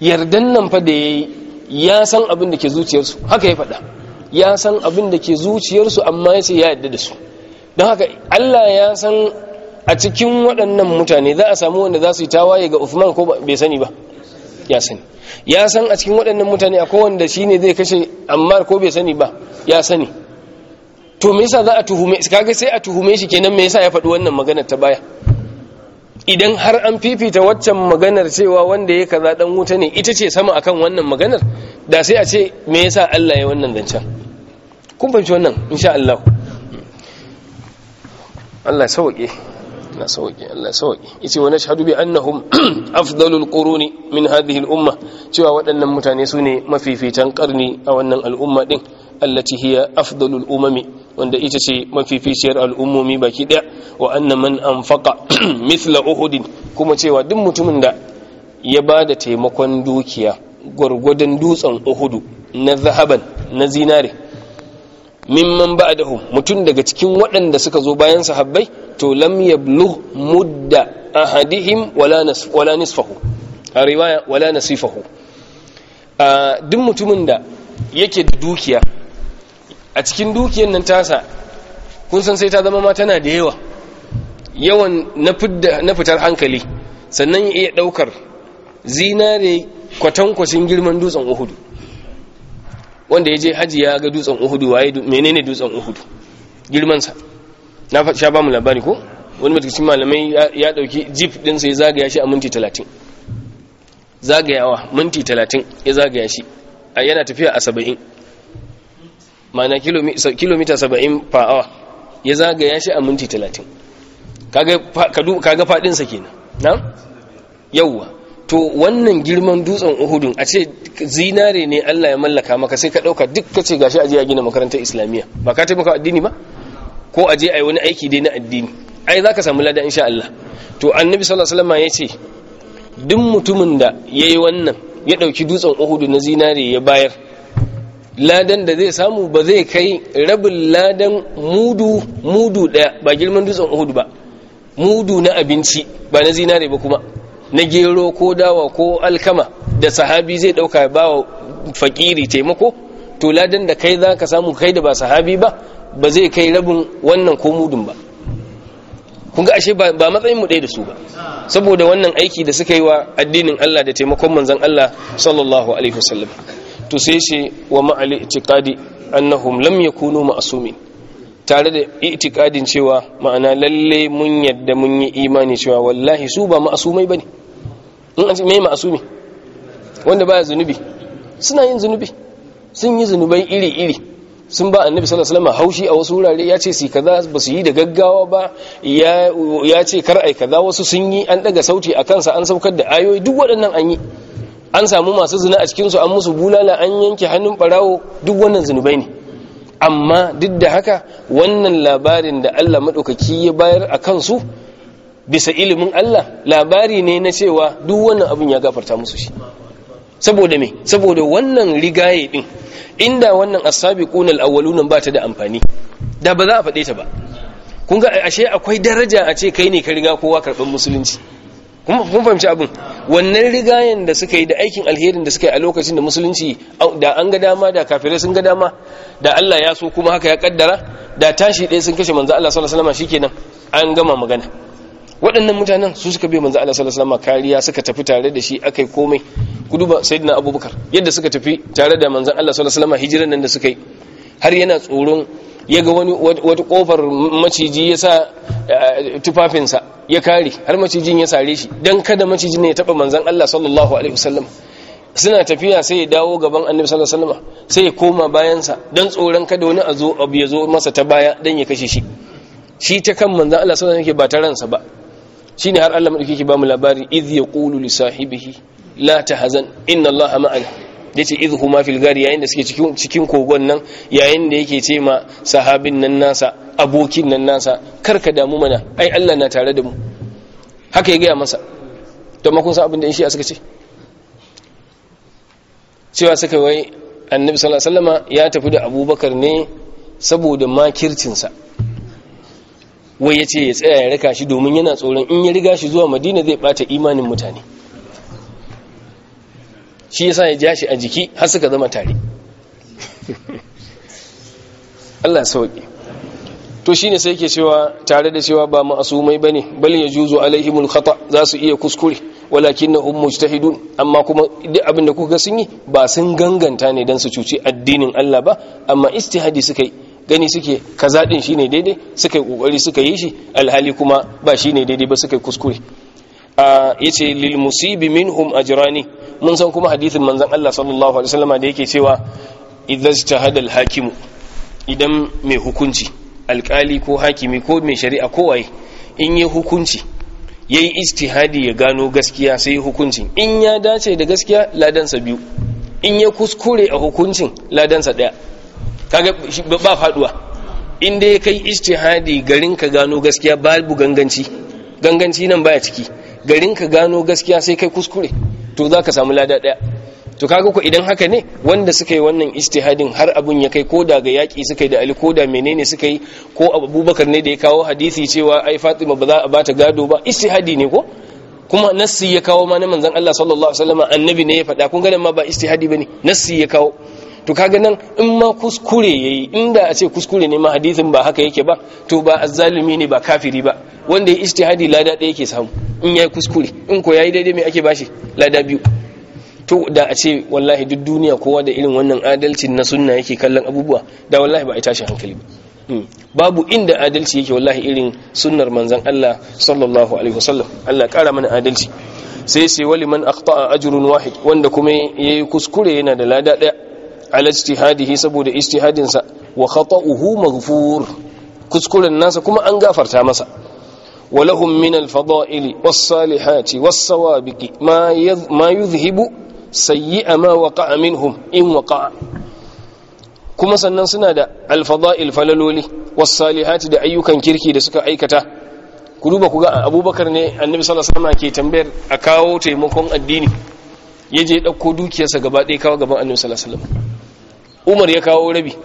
yardan nan fa da yayi ya san abin da ke zuciyarsu haka ya faɗa ya san abin da ke zuciyarsu amma ya ce ya yarda da su don haka Allah ya san a cikin waɗannan mutane za a samu wanda za su yi tawaye ga Uthman ko bai sani ba ya sani ya san a cikin waɗannan mutane akwai wanda shine zai kashe Ammar ko bai sani ba ya sani to me yasa za a tuhume kaga sai a tuhume shi kenan me yasa ya faɗi wannan maganar ta baya idan har an fifita waccan maganar cewa wanda ya kaza dan wuta ne ita ce sama akan wannan maganar da sai a ce me yasa Allah ya wannan zancen kun fahimci wannan insha Allah Allah sauke Allah sauke Allah sauke yace wa nashhadu bi annahum *clears throat* afdalul quruni min hadhihi al umma cewa waɗannan mutane sune mafifitan karni a wannan al'umma din allati hiya afdalul umami wanda ita ce mafificiyar al'ummomi baki daya wa anna man anfaqa *clears throat* mithla uhud kuma cewa duk mutumin da ya bada taimakon dukiya gurgudan dutsen uhud na zahaban na zinare mimman ba'dahu mutum daga cikin waɗanda suka zo bayan sahabbai to lam yablugh mudda ahadihim wala nisfahu a riwaya wala nasifahu duk mutumin da yake da dukiya a cikin dukiyar nan tasa kun san sai ta zama ma tana da yawa yawan na fitar hankali sannan ya iya ɗaukar zinare kwatankwacin girman dutsen uhudu wanda ya je haji ya ga dutsen uhudu waye menene dutsen uhudu girmansa na sha ba mu labari ko wani matakacin malamai ya ɗauki jif ɗinsa ya zagaya shi a minti talatin zagayawa minti talatin ya zagaya shi yana tafiya a saba'in mana kilomita saba'in hour ya zagaya shi a minti talatin kaga faɗinsa kenan na yauwa to wannan girman dutsen uhudun a ce zinare ne allah ya mallaka maka sai ka ɗauka duk kace gashi aje a gina makarantar islamiyya ba ka taimaka addini ba ko aje a wani aiki dai na addini ai zaka samu lada insha allah to annabi sallallahu alaihi ya ce duk mutumin da ya wannan ya ɗauki dutsen uhudu na zinare ya bayar ladan da zai samu ba zai kai rabin ladan mudu mudu daya ba girman dutsen uhudu ba mudu na abinci ba na zinare ba kuma na gero ko dawa ko alkama da sahabi zai ɗauka ba wa fakiri taimako to ladan da kai za ka samu kai da ba sahabi ba ba zai kai rabin wannan ko mudun ba kun ga ashe ba matsayin mu ɗaya da su ba saboda wannan aiki da suka yi wa addinin Allah da taimakon manzan, Allah sallallahu alaihi wasallam to ce wa ma'ali itikadi annahum lam yakunu ma'asumin tare da itikadin cewa ma'ana lalle mun yadda mun yi imani cewa wallahi su ba ma'asumai bane in an ce mai ma'sumi wanda baya zunubi suna yin zunubi sun yi zunubai iri-iri sun ba annabi sallallahu alaihi wasallam haushi a wasu wurare ya ce si kaza ba su yi da gaggawa ba ya ce kar ai kaza wasu sun yi an daga sauti a kansa an saukar da ayoyi duk waɗannan an yi an samu masu zina a cikinsu an musu bulala an yanke hannun barawo duk wannan zunubai ne amma duk da haka wannan labarin da Allah maɗaukaki ya bayar a kansu bisa ilimin Allah labari ne na cewa duk wannan abin ya gafarta musu shi saboda me saboda wannan rigaye ɗin, inda wannan asabi ƙunar al ba ta da amfani da ba za a faɗe ta ba kun ga ashe akwai daraja a ce kai ne ka riga kowa karɓar musulunci kun fahimci abin wannan rigayen da suka yi da aikin alherin da suka yi a lokacin da musulunci da an ga dama da kafirai sun ga dama da Allah ya so kuma haka ya kaddara da tashi ɗaya sun kashe manzo Allah sallallahu alaihi wasallam shikenan an gama magana waɗannan mutanen su suka bi manzo Allah sallallahu alaihi wasallam kariya suka tafi tare da shi akai komai ku duba sayyidina Abubakar yadda suka tafi tare da manzo Allah sallallahu alaihi wasallam hijiran nan da suka yi har yana tsoron ya ga wani wata kofar maciji ya sa eh, tufafinsa ya kare har macijin ya sare shi don kada macijin ne ya taba manzan Allah sallallahu alaihi wasallam suna tafiya sai ya dawo gaban annabi sallallahu alaihi wasallam sai ya koma bayansa don tsoron kada wani a zo abu ya zo masa ta baya don ya kashe shi shi ta kan manzan Allah sallallahu alaihi wasallam ba ta ransa ba ne har Allah madauki ke ba mu labari iz yaqulu li sahibihi la hazan inna Allah ma'ana Ya yace idhuma fil gari yayin da suke cikin kogon nan yayin da yake ce ma sahabin nan nasa abokin nan nasa karka damu mana ai Allah na tare da mu haka ya gaya masa to makon sa abin da shi suka ce cewa suka wai annabi sallallahu alaihi wasallama ya tafi da abubakar ne saboda makircinsa wai ya ce ya tsaya ya raka shi domin yana tsoron in ya riga shi zuwa madina zai bata imanin mutane shi yasa ya ja shi a jiki har suka zama tare Allah sauki to shine sai yake cewa tare da cewa ba ma'asumai bane bal yajuzu alaihimul khata za su iya kuskure walakin walakinnahum mujtahidun amma kuma duk abin da kuka sun yi ba sun ganganta ne dan su cuci addinin Allah ba amma istihadi suka yi gani suke kaza din shine daidai suka yi kokari suka yi shi alhali kuma ba shine daidai ba suka yi kuskure a yace lil musibi minhum ajrani mun san kuma hadisin manzan Allah sallallahu alaihi wasallama da yake cewa idza ijtahada hakim idan mai hukunci alkali ko hakimi ko mai shari'a ko waye in yi hukunci yayi istihadi ya gano gaskiya sai hukuncin in ya dace da gaskiya ladansa biyu in ya kuskure a hukuncin ladansa daya kaga ba faduwa in dai kai istihadi garin ka gano gaskiya babu ganganci ganganci nan baya ciki garin ka gano gaskiya sai kai kuskure to za ka samu lada ɗaya to kaga ku idan haka ne wanda suka yi wannan istihadin har abun ya kai koda ga yaki suka yi da ali koda menene suka yi ko abubakar ne da ya kawo hadisi cewa ai fatima ba za a bata gado ba istihadi ne ko kuma nassi ya kawo ma na manzon Allah sallallahu alaihi wasallam annabi ne ya faɗa kun ga ma ba istihadi bane nassi ya kawo to kaga nan in ma kuskure yayi inda a ce kuskure ne ma hadisin ba haka yake ba to ba azzalimi ne ba kafiri ba wanda ya ijtihadi lada ɗaya yake samu in yayi kuskure in ko yayi daidai me ake bashi lada biyu to da a ce wallahi duk duniya kowa da irin wannan adalcin na sunna yake kallon abubuwa da wallahi ba a tashi hankali ba hmm. babu inda adalci yake wallahi irin sunnar manzon Allah sallallahu alaihi wasallam Allah kara mana adalci sai sai wali man akhta'a ajrun wahid wanda kuma yayi kuskure yana da lada daya ala saboda ijtihadin sa wa khata'uhu maghfur kuskuren nasa kuma an gafarta masa wa lahum min al-fada'il was-salihati was-sawabiqi ma ma yuzhibu sayyi'a ma waqa'a minhum in waqa'a kuma sannan suna da al-fada'il falaloli was-salihati da ayyukan kirki da suka aikata ku duba ku ga abubakar ne annabi sallallahu alaihi wasallam ke tambayar a kawo taimakon addini ya je ɗauko dukiyarsa gaba ɗaya kawo gaban annabi sallallahu alaihi wasallam umar ya kawo rabi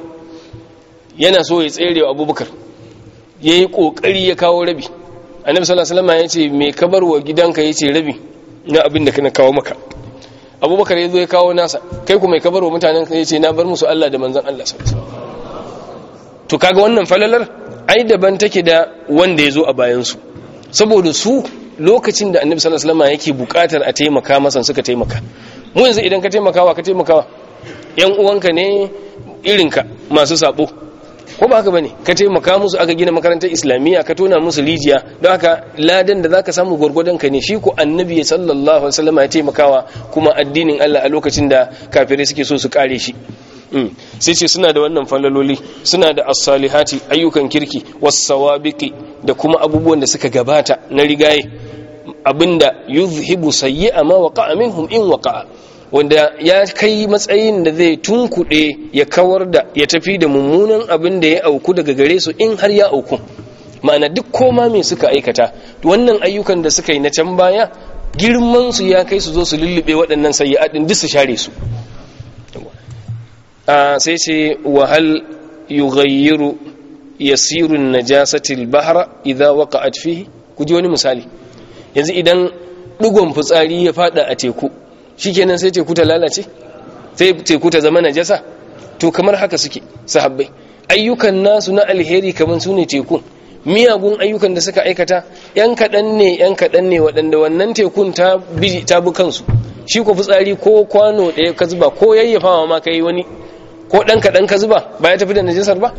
yana so ya tsere wa abubakar ya yi ƙoƙari ya kawo rabi annabi sallallahu alaihi wasallam ya ce me kabar wa gidanka ya ce rabi na abin da kana kawo maka abubakar ya zo ya kawo nasa kai kuma mai kabar wa mutanen ya ce na bar musu Allah da manzan Allah sallallahu to kaga wannan falalar ai daban take da wanda ya zo a bayan su saboda su lokacin da annabi sallallahu yake bukatar a taimaka masa suka taimaka mu yanzu idan ka taimakawa ka taimakawa yan uwanka ne irinka masu sabo ko ba haka bane ka taimaka musu aka gina makarantar islamiyya ka tona musu rijiya don haka ladan da zaka samu gwargwadon ka ne shi ko annabi sallallahu alaihi wasallam ya taimakawa kuma addinin Allah a lokacin da kafire suke so su kare shi mm. sai ce suna da wannan falaloli suna da as-salihati ayyukan kirki was-sawabiqi da kuma abubuwan da suka gabata na rigaye abinda yuzhibu sayyi'a ma waqa'a minhum in waqa'a wanda ya kai matsayin da zai tunkuɗe ya kawar da ya tafi da mummunan abin da ya auku daga gare su in har ya auku ma'ana duk koma mai suka aikata wannan ayyukan da suka yi na can baya girman su ya kai su zo su lullube waɗannan sayi adin duk su share su a sai ce wahal yughayyiru yasiru najasati bahra idha waqa'at fihi ku ji wani misali yanzu idan digon fitsari ya fada a teku shikenan sai teku ta lalace sai teku ta zama najasa to kamar haka suke sahabbai ayyukan nasu na alheri kamar su ne teku. miyagun ayyukan da suka aikata yan kaɗan ne yan kaɗan ne waɗanda wannan tekun ta bi kansu shi ko fitsari ko kwano ɗaya ka zuba ko yayyafawa ma kai yi wani ko ɗan kaɗan ka zuba ba ya tafi da najasar ba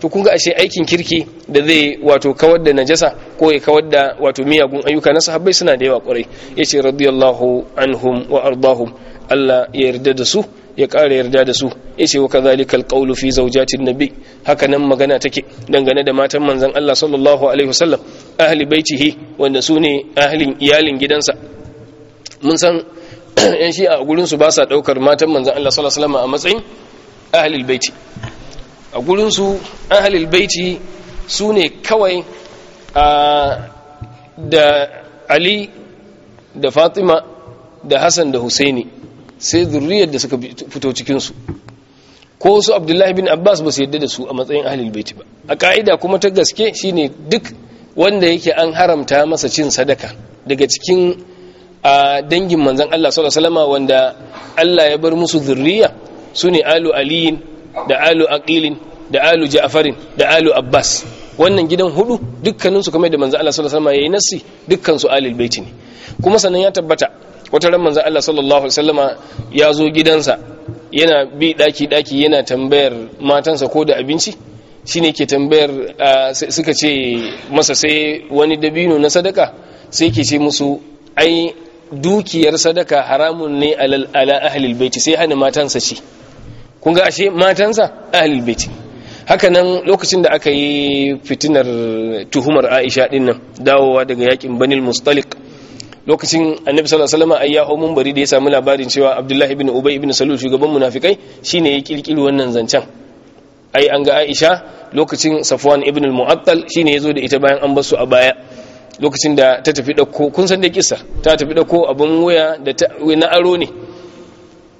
to kun ga ashe aikin kirki da zai wato kawar da najasa ko ya kawar da wato miyagun ayyuka na sahabbai suna da yawa kwarai ce radiyallahu anhum wa ardahum Allah ya yarda da su ya ƙara yarda da su ya ce wa kadhalikal qawlu fi zawjatin nabi haka nan magana take dangane da matan manzon Allah sallallahu alaihi wasallam ahli baitihi wanda su ne ahlin iyalin gidansa mun san *clears throat* yan shi a gurin su ba sa daukar matan manzon Allah sallallahu alaihi wasallam a matsayin ahlul baiti a gurinsu ahalil baiti su ne kawai da ali da fatima da hassan da husaini sai zurriyar da suka fito cikinsu ko su abdullahi bin abbas ba su yadda da su a matsayin ahalil baiti ba a ka'ida kuma ta gaske shi ne duk wanda yake an haramta masa cin sadaka daga cikin a dangin manzan allah sallallahu Salama, wanda allah ya bar musu zurriya su ne alu aliyin da alu aqilin da alu ja'farin da alu abbas wannan gidan hudu dukkanin su kamar da manzo Allah sallallahu alaihi wasallam yayi nasi dukkan su alil baiti ne kuma sannan ya tabbata wata ran manzo Allah sallallahu alaihi wasallama ya zo gidansa yana bi daki daki yana tambayar matansa ko da abinci shine ke tambayar suka ce masa sai wani dabino na sadaka sai ke ce musu ai dukiyar sadaka haramun ne ala ahlil baiti sai hana matansa ce. kun ga ashe matansa ahlul baiti haka nan lokacin da aka yi fitinar tuhumar aisha din nan dawowa daga yakin banil mustaliq lokacin annabi sallallahu alaihi wasallam ayyahu munbari da ya samu labarin cewa abdullahi ibn ubay ibn salul shugaban munafikai shine ya kirkiri wannan zancen ai an ga aisha lokacin safwan ibn al-mu'attal shine yazo da ita bayan an bar su a baya lokacin da ta tafi dauko kun san da kissa ta tafi dauko abun waya da na aro ne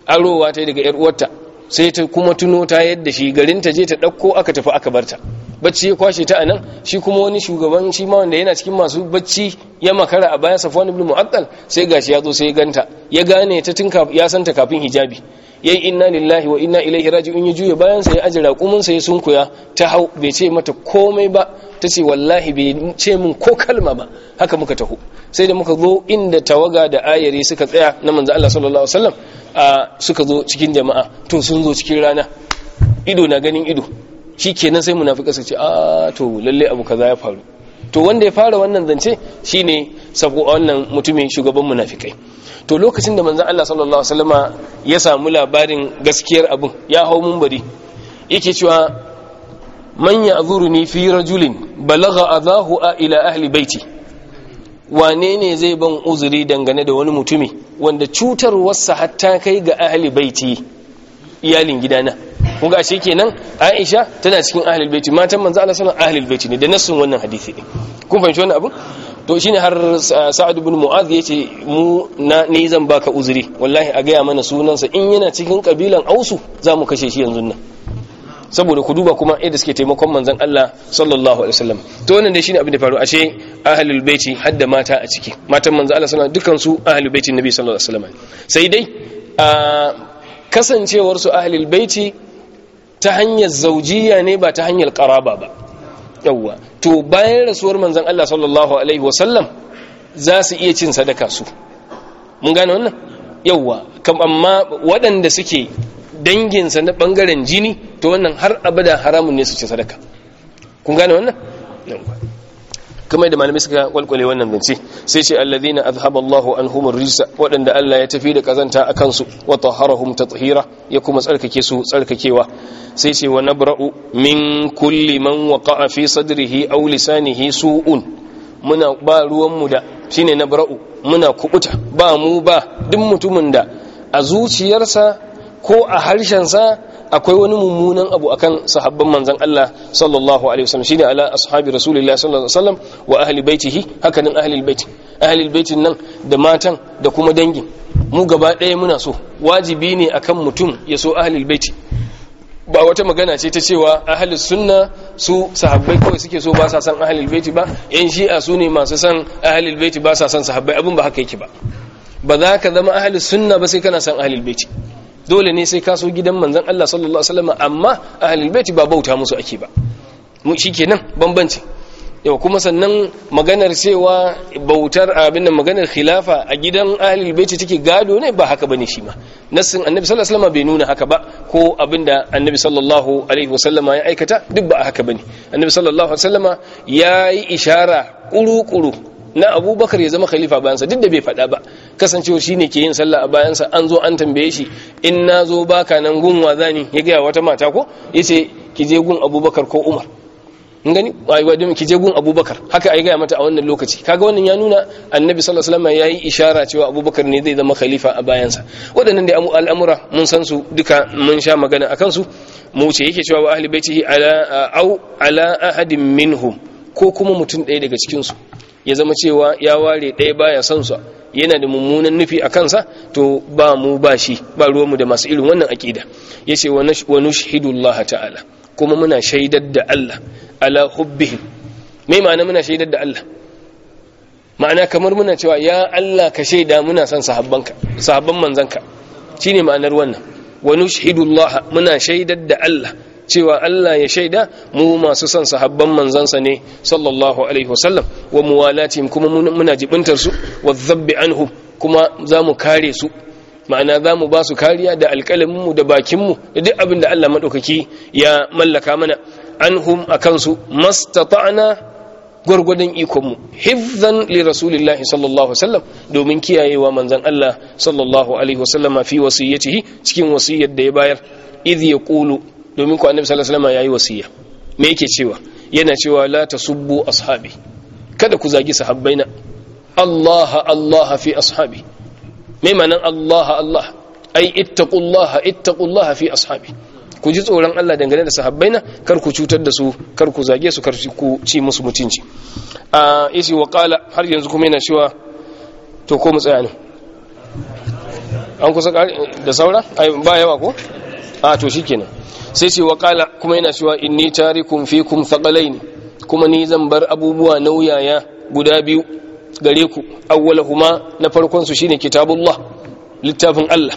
arowa ta daga yar uwarta sai ta kuma tuno ta yadda shi garin ta je ta ɗauko aka tafi aka barta bacci ya kwashe ta anan shi kuma wani shugaban shi ma wanda yana cikin masu bacci ya makara a baya safwan ibn mu'akkal sai gashi ya zo sai ya ganta ya gane ta tun ya santa kafin hijabi yayi inna lillahi wa inna ilaihi raji'un ya juya bayan sa ya aje raƙumin sa ya sunkuya ta hau bai ce mata komai ba ta ce wallahi bai ce min ko kalma ba haka muka taho sai da muka zo inda tawaga da ayari suka tsaya na manzo Allah sallallahu alaihi wasallam suka zo cikin jama'a to sun zo cikin rana ido na ganin ido shikenan sai muna su ce a to lalle abu kaza ya faru to wanda ya fara wannan zance shine a wannan mutumin shugaban munafikai to lokacin da manzon Allah sallallahu alaihi wasallama ya samu labarin gaskiyar abun ya hau bari. yake cewa man ya'zuruni fi rajulin balagha adahu ila ahli baiti wane ne zai ban uzuri dangane da wani mutumi wanda cutarwarsa hatta kai ga ahli baiti iyalin gidana kun ga ashe kenan Aisha tana cikin ahlul baiti matan manzo Allah sallallahu alaihi ahlul baiti ne da nassun wannan hadisi din kun fahimci wannan abu to shine har Sa'ad ibn Mu'adh yace mu na ni zan baka uzuri wallahi a gaya mana sunansa in yana cikin kabilan Ausu zamu kashe shi yanzu nan saboda ku duba kuma yadda suke taimakon manzon Allah sallallahu alaihi wasallam to wannan dai shine abin da faru ashe ahlul baiti hadda mata a ciki matan manzo Allah sallallahu alaihi wasallam dukan su ahlul baiti nabi sallallahu alaihi wasallam sai dai ah, kasancewar su ahlul baiti ta hanyar zaujiya ne ba ta hanyar karaba ba yawwa to bayan rasuwar manzon Allah sallallahu alaihi wasallam za su iya cin sadaka su mun gane wannan yawwa kam amma waɗanda suke danginsa na ɓangaren jini to wannan har abada haramun ne su ci sadaka kun gane wannan yawwa kamar da malamai suka kwalkwale wannan zance sai ce allazina azhaba Allahu anhum ar-rijsa wadanda Allah ya tafi da kazanta akan su wa tahharahum tathira ya kuma tsarkake su tsarkakewa sai ce wa nabra'u min kulli man waqa'a fi sadrihi aw lisanihi su'un muna ba ruwan mu da shine nabra'u muna kubuta ba mu ba duk mutumin da a zuciyarsa ko a harshen sa akwai wani mummunan abu akan sahabban manzan Allah sallallahu alaihi wasallam shine ala ashabi rasulillahi sallallahu alaihi wasallam wa ahli baitihi hakanan ahli albayt ahli albayt nan da matan da kuma dangin mu gaba ɗaya muna so wajibi ne akan mutum ya so ahli baiti ba wata magana ce ta cewa ahli sunna su sahabbai kawai suke so ba sa san ahli baiti ba yan shi'a su ne masu san ahli albayt ba sa san sahabbai abin ba haka yake ba ba za ka zama ahli sunna ba sai kana san ahli albayt dole ne sai ka so gidan manzan Allah sallallahu alaihi wasallam amma ahlul baiti ba bauta musu ake ba mu nan banbanci. yau kuma sannan maganar cewa bautar abin maganar khilafa a gidan ahlul baiti take gado ne ba haka bane shi ma nassin annabi sallallahu alaihi wasallam bai nuna haka ba ko abinda annabi sallallahu alaihi wasallama ya aikata duk ba haka bane annabi sallallahu alaihi wasallama yayi ishara kuru-kuru na abubakar ya zama khalifa bayansa duk da bai fada ba kasancewa shi ne ke yin sallah a bayansa an zo an tambaye shi in na zo baka nan gun wazani ya gaya wata mata ko ya ce ki je gun abubakar ko umar in gani ayyuwa ki je gun abubakar haka ai gaya mata a wannan lokaci kaga wannan ya nuna annabi sallallahu alaihi wasallam yayi ishara cewa abubakar ne zai zama khalifa a bayansa waɗannan da al'amura mun san su duka mun sha magana akan su mu ce yake cewa wa ahli baitihi ala au ala ahadin minhum ko kuma mutum ɗaya daga cikin su ya zama cewa ya ware ɗaya baya son sa yana da mummunan nufi a kansa to ba mu ba shi ba ruwanmu da masu irin wannan aƙida ya ce wa nushhidullaha ta'ala kuma muna shaidar da Allah ala hubbihim me ma'ana muna shaidar da Allah ma'ana kamar muna cewa ya Allah ka shaida muna son sahabban manzanka ne ma'anar wannan wa nushhidullaha muna shaidar da Allah cewa Allah ya shaida mu masu son sahabban manzansa ne sallallahu alaihi wasallam wa muwalatihim kuma muna jibintar su wa dhabbi anhum kuma zamu kare su ma'ana zamu basu ba su kariya da alƙalaminmu da bakinmu da duk abin da Allah maɗaukaki ya mallaka mana anhum a kansu mastata'ana gwargwadon ikonmu hifzan li rasulillahi sallallahu wasallam domin kiyayewa manzan Allah sallallahu alaihi wasallama fi wasiyyacihi cikin wasiyyar da ya bayar idh yaqulu domin ku annabi sallallahu alaihi wasallam yayi wasiya me yake cewa yana cewa la tasubbu ashabi kada ku zagi sahabbaina Allah Allah fi ashabi me manan Allah Allah ai ittaqullah ittaqullah fi ashabi ku ji tsoron Allah dangane da sahabbaina kar ku cutar da su kar ku zage su kar ku ci musu mutunci a yace wa qala har yanzu kuma yana cewa to ko mu tsaya ne an kusa da saura ai ba yawa ko a to shi kenan sai ce waƙala kuma yana cewa inni tarikum fikum ne kuma ni zan bar abubuwa nauyaya guda biyu gare ku awwalahuma na farkon su shine kitabullah littafin Allah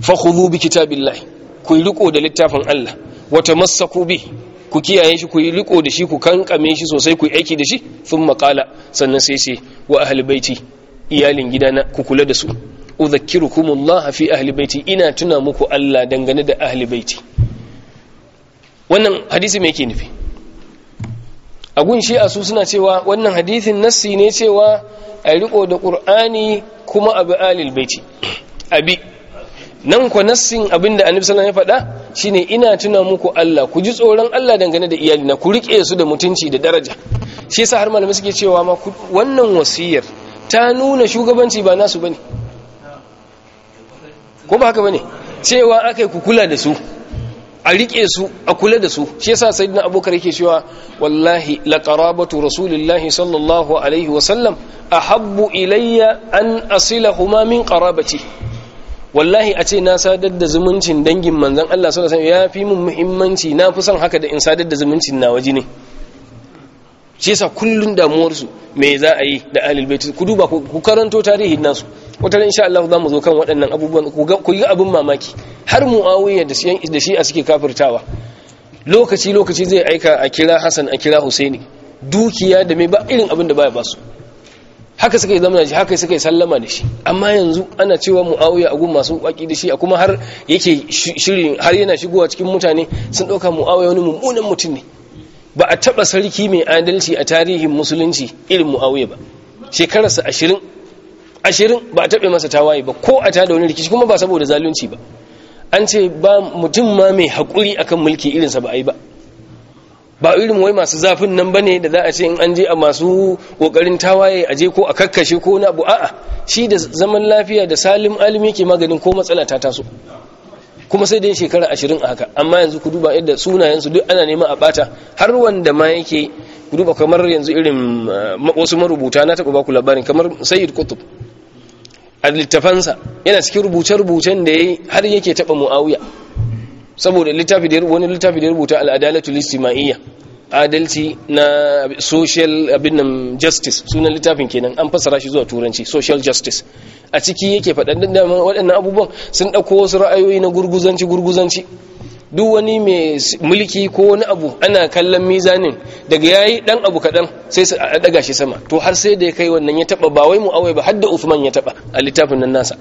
fa khudhu bi kitabillahi ku riko da littafin Allah wa tamassaku bi ku kiyaye shi ku riko da shi ku kankame shi sosai ku aiki da shi sun makala sannan sai sai wa ahli baiti iyalin gidana ku kula da su Allah fi ahli baiti ina tuna muku Allah dangane da ahli baiti wannan hadisi me yake nufi a gun shi a su suna cewa wannan hadisin nassi ne cewa a riko da qur'ani kuma abu ahli baiti abi nan ko nassin abinda annabi sallallahu alaihi wasallam ya faɗa shine ina tuna muku Allah ku ji tsoron Allah dangane da iyali na ku rike su da mutunci da daraja shi yasa har malamai suke cewa ma wannan wasiyar ta nuna shugabanci ba nasu bane ko ba haka bane cewa aka yi ku kula da su a rike su a kula da su shi yasa sayyidina abubakar yake cewa wallahi la qarabatu rasulillahi sallallahu alaihi wa sallam ahabbu ilayya an asilahuma min qarabati wallahi a ce na sadar da zumuncin dangin manzon Allah sallallahu alaihi wasallam fi mun muhimmanci na fi son haka da in sadar da zumuncin na waje ne shi yasa kullun damuwar su me za a yi da ahlul bait ku duba ku karanto tarihin nasu wata insha Allah za mu zo kan waɗannan abubuwan ku yi abin mamaki har muawiya da shi a suke kafirtawa lokaci lokaci zai aika a kira Hassan a kira Husaini dukiya da mai ba irin abin da baya basu haka suka yi zama shi haka suka yi sallama da shi amma yanzu ana cewa muawiya a masu waki da shi a kuma har yake shiri har yana shigowa cikin mutane sun ɗauka muawiya wani mummunan mutum ne ba a taɓa sarki mai adalci a tarihin musulunci irin muawiya ba shekararsa ashirin ashirin ba a taɓe masa tawaye ba ko a tada wani rikici kuma ba saboda zalunci ba an ce ba mutum ma mai haƙuri akan mulki irinsa ba a yi ba ba irin wai masu zafin nan ba ne da za a ce in an je a masu ƙoƙarin tawaye a je ko a kakkashe ko na abu a'a shi da zaman lafiya da salim alim yake maganin ko matsala ta taso kuma sai dai shekara ashirin a haka amma yanzu ku duba yadda sunayensu duk ana neman a ɓata har wanda ma yake ku duba kamar yanzu irin eh, wasu marubuta na taɓa baku labarin kamar sayid kutub a littafansa yana cikin rubuce-rubucen da ya yi har yake taɓa mu'awiya saboda littafi da wani littafi da rubuta al'adalatu adalci na social abin justice sunan littafin kenan an fassara shi zuwa turanci social justice a ciki yake faɗaɗɗen waɗannan abubuwan sun ɗauko wasu ra'ayoyi na gurguzanci gurguzanci duk wani mai mulki ko wani abu ana kallon mizanin daga yayi dan abu kadan sai su daga shi sama to har sai da ya kai wannan ya taba ba wai mu'awai ba har usman ya taba a littafin nan nasa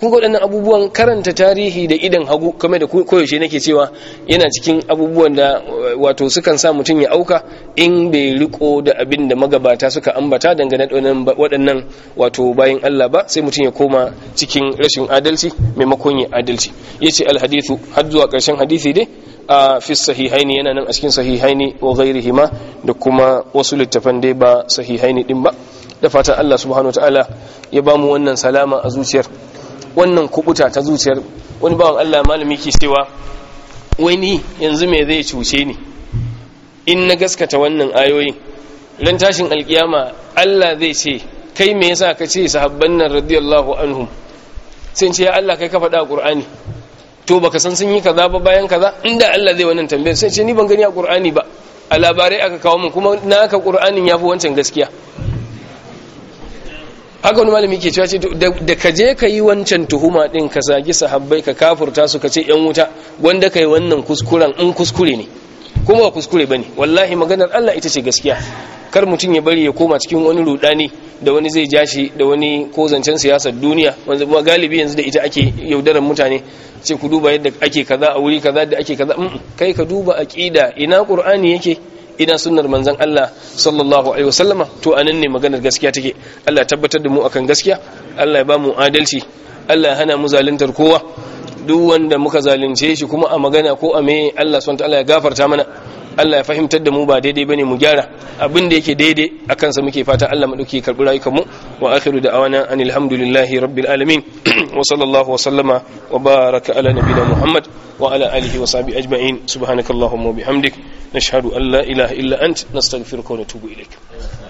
kun ga waɗannan abubuwan karanta tarihi da idan hagu kamar da koyaushe nake cewa yana cikin abubuwan da wato sukan sa mutum ya auka in bai riko da abin da magabata suka ambata dangane da waɗannan wato bayan Allah ba sai mutum ya koma cikin rashin adalci maimakon ya adalci Ya ce alhadithu har zuwa ƙarshen hadisi dai a fi sahihaini yana nan a cikin sahihaini wa hima da kuma wasu littafan dai ba sahihaini din ba da fatan Allah subhanahu ta'ala ya bamu wannan salama a zuciyar wannan kubuta ta zuciyar wani bawan Allah malami ke cewa wani yanzu me zai cuce ni in na gaskata wannan ayoyin ran tashin alkiyama Allah zai ce kai me yasa ka ce sahabban nan radiyallahu anhum sai ce ya Allah kai ka faɗa Qur'ani to baka san sun yi kaza ba bayan kaza inda Allah zai wannan tambayar sai ce ni ban gani a Qur'ani ba a labarai aka kawo min kuma naka ya fi wancan gaskiya haka wani malami ke cewa ce da ka je ka yi wancan tuhuma din ka zagi sahabbai ka kafurta su ka ce yan wuta wanda ka yi wannan kuskuren in kuskure ne kuma ba kuskure ne wallahi maganar Allah ita ce gaskiya kar mutum ya bari ya koma cikin wani rudani da wani zai ja shi da wani ko zancen siyasar duniya wanda kuma galibi yanzu da ita ake yaudarar mutane ce ku duba yadda ake kaza a wuri kaza da ake kaza kai ka duba aqida ina qur'ani yake ina sunnar manzan Allah sallallahu alaihi wasallama to anan ne maganar gaskiya take Allah tabbatar da mu akan gaskiya Allah ya ba mu adalci Allah ya hana mu zaluntar kowa duk wanda muka zalunce shi kuma a magana ko a me Allah subhanahu wa ta'ala ya gafarta mana Allah ya fahimtar da mu ba daidai bane mu gyara abin da yake daidai akan sa muke fata Allah dauki karbi rayukan mu wa akhiru da awana anilhamdulillahi rabbil alamin *clears throat* wa sallallahu wa sallama wa baraka ala nabiyina muhammad wa ala alihi wa sahbihi ajma'in subhanakallahumma wa bihamdik nashhadu an la ilaha illa ant nastaghfiruka wa natubu ilaik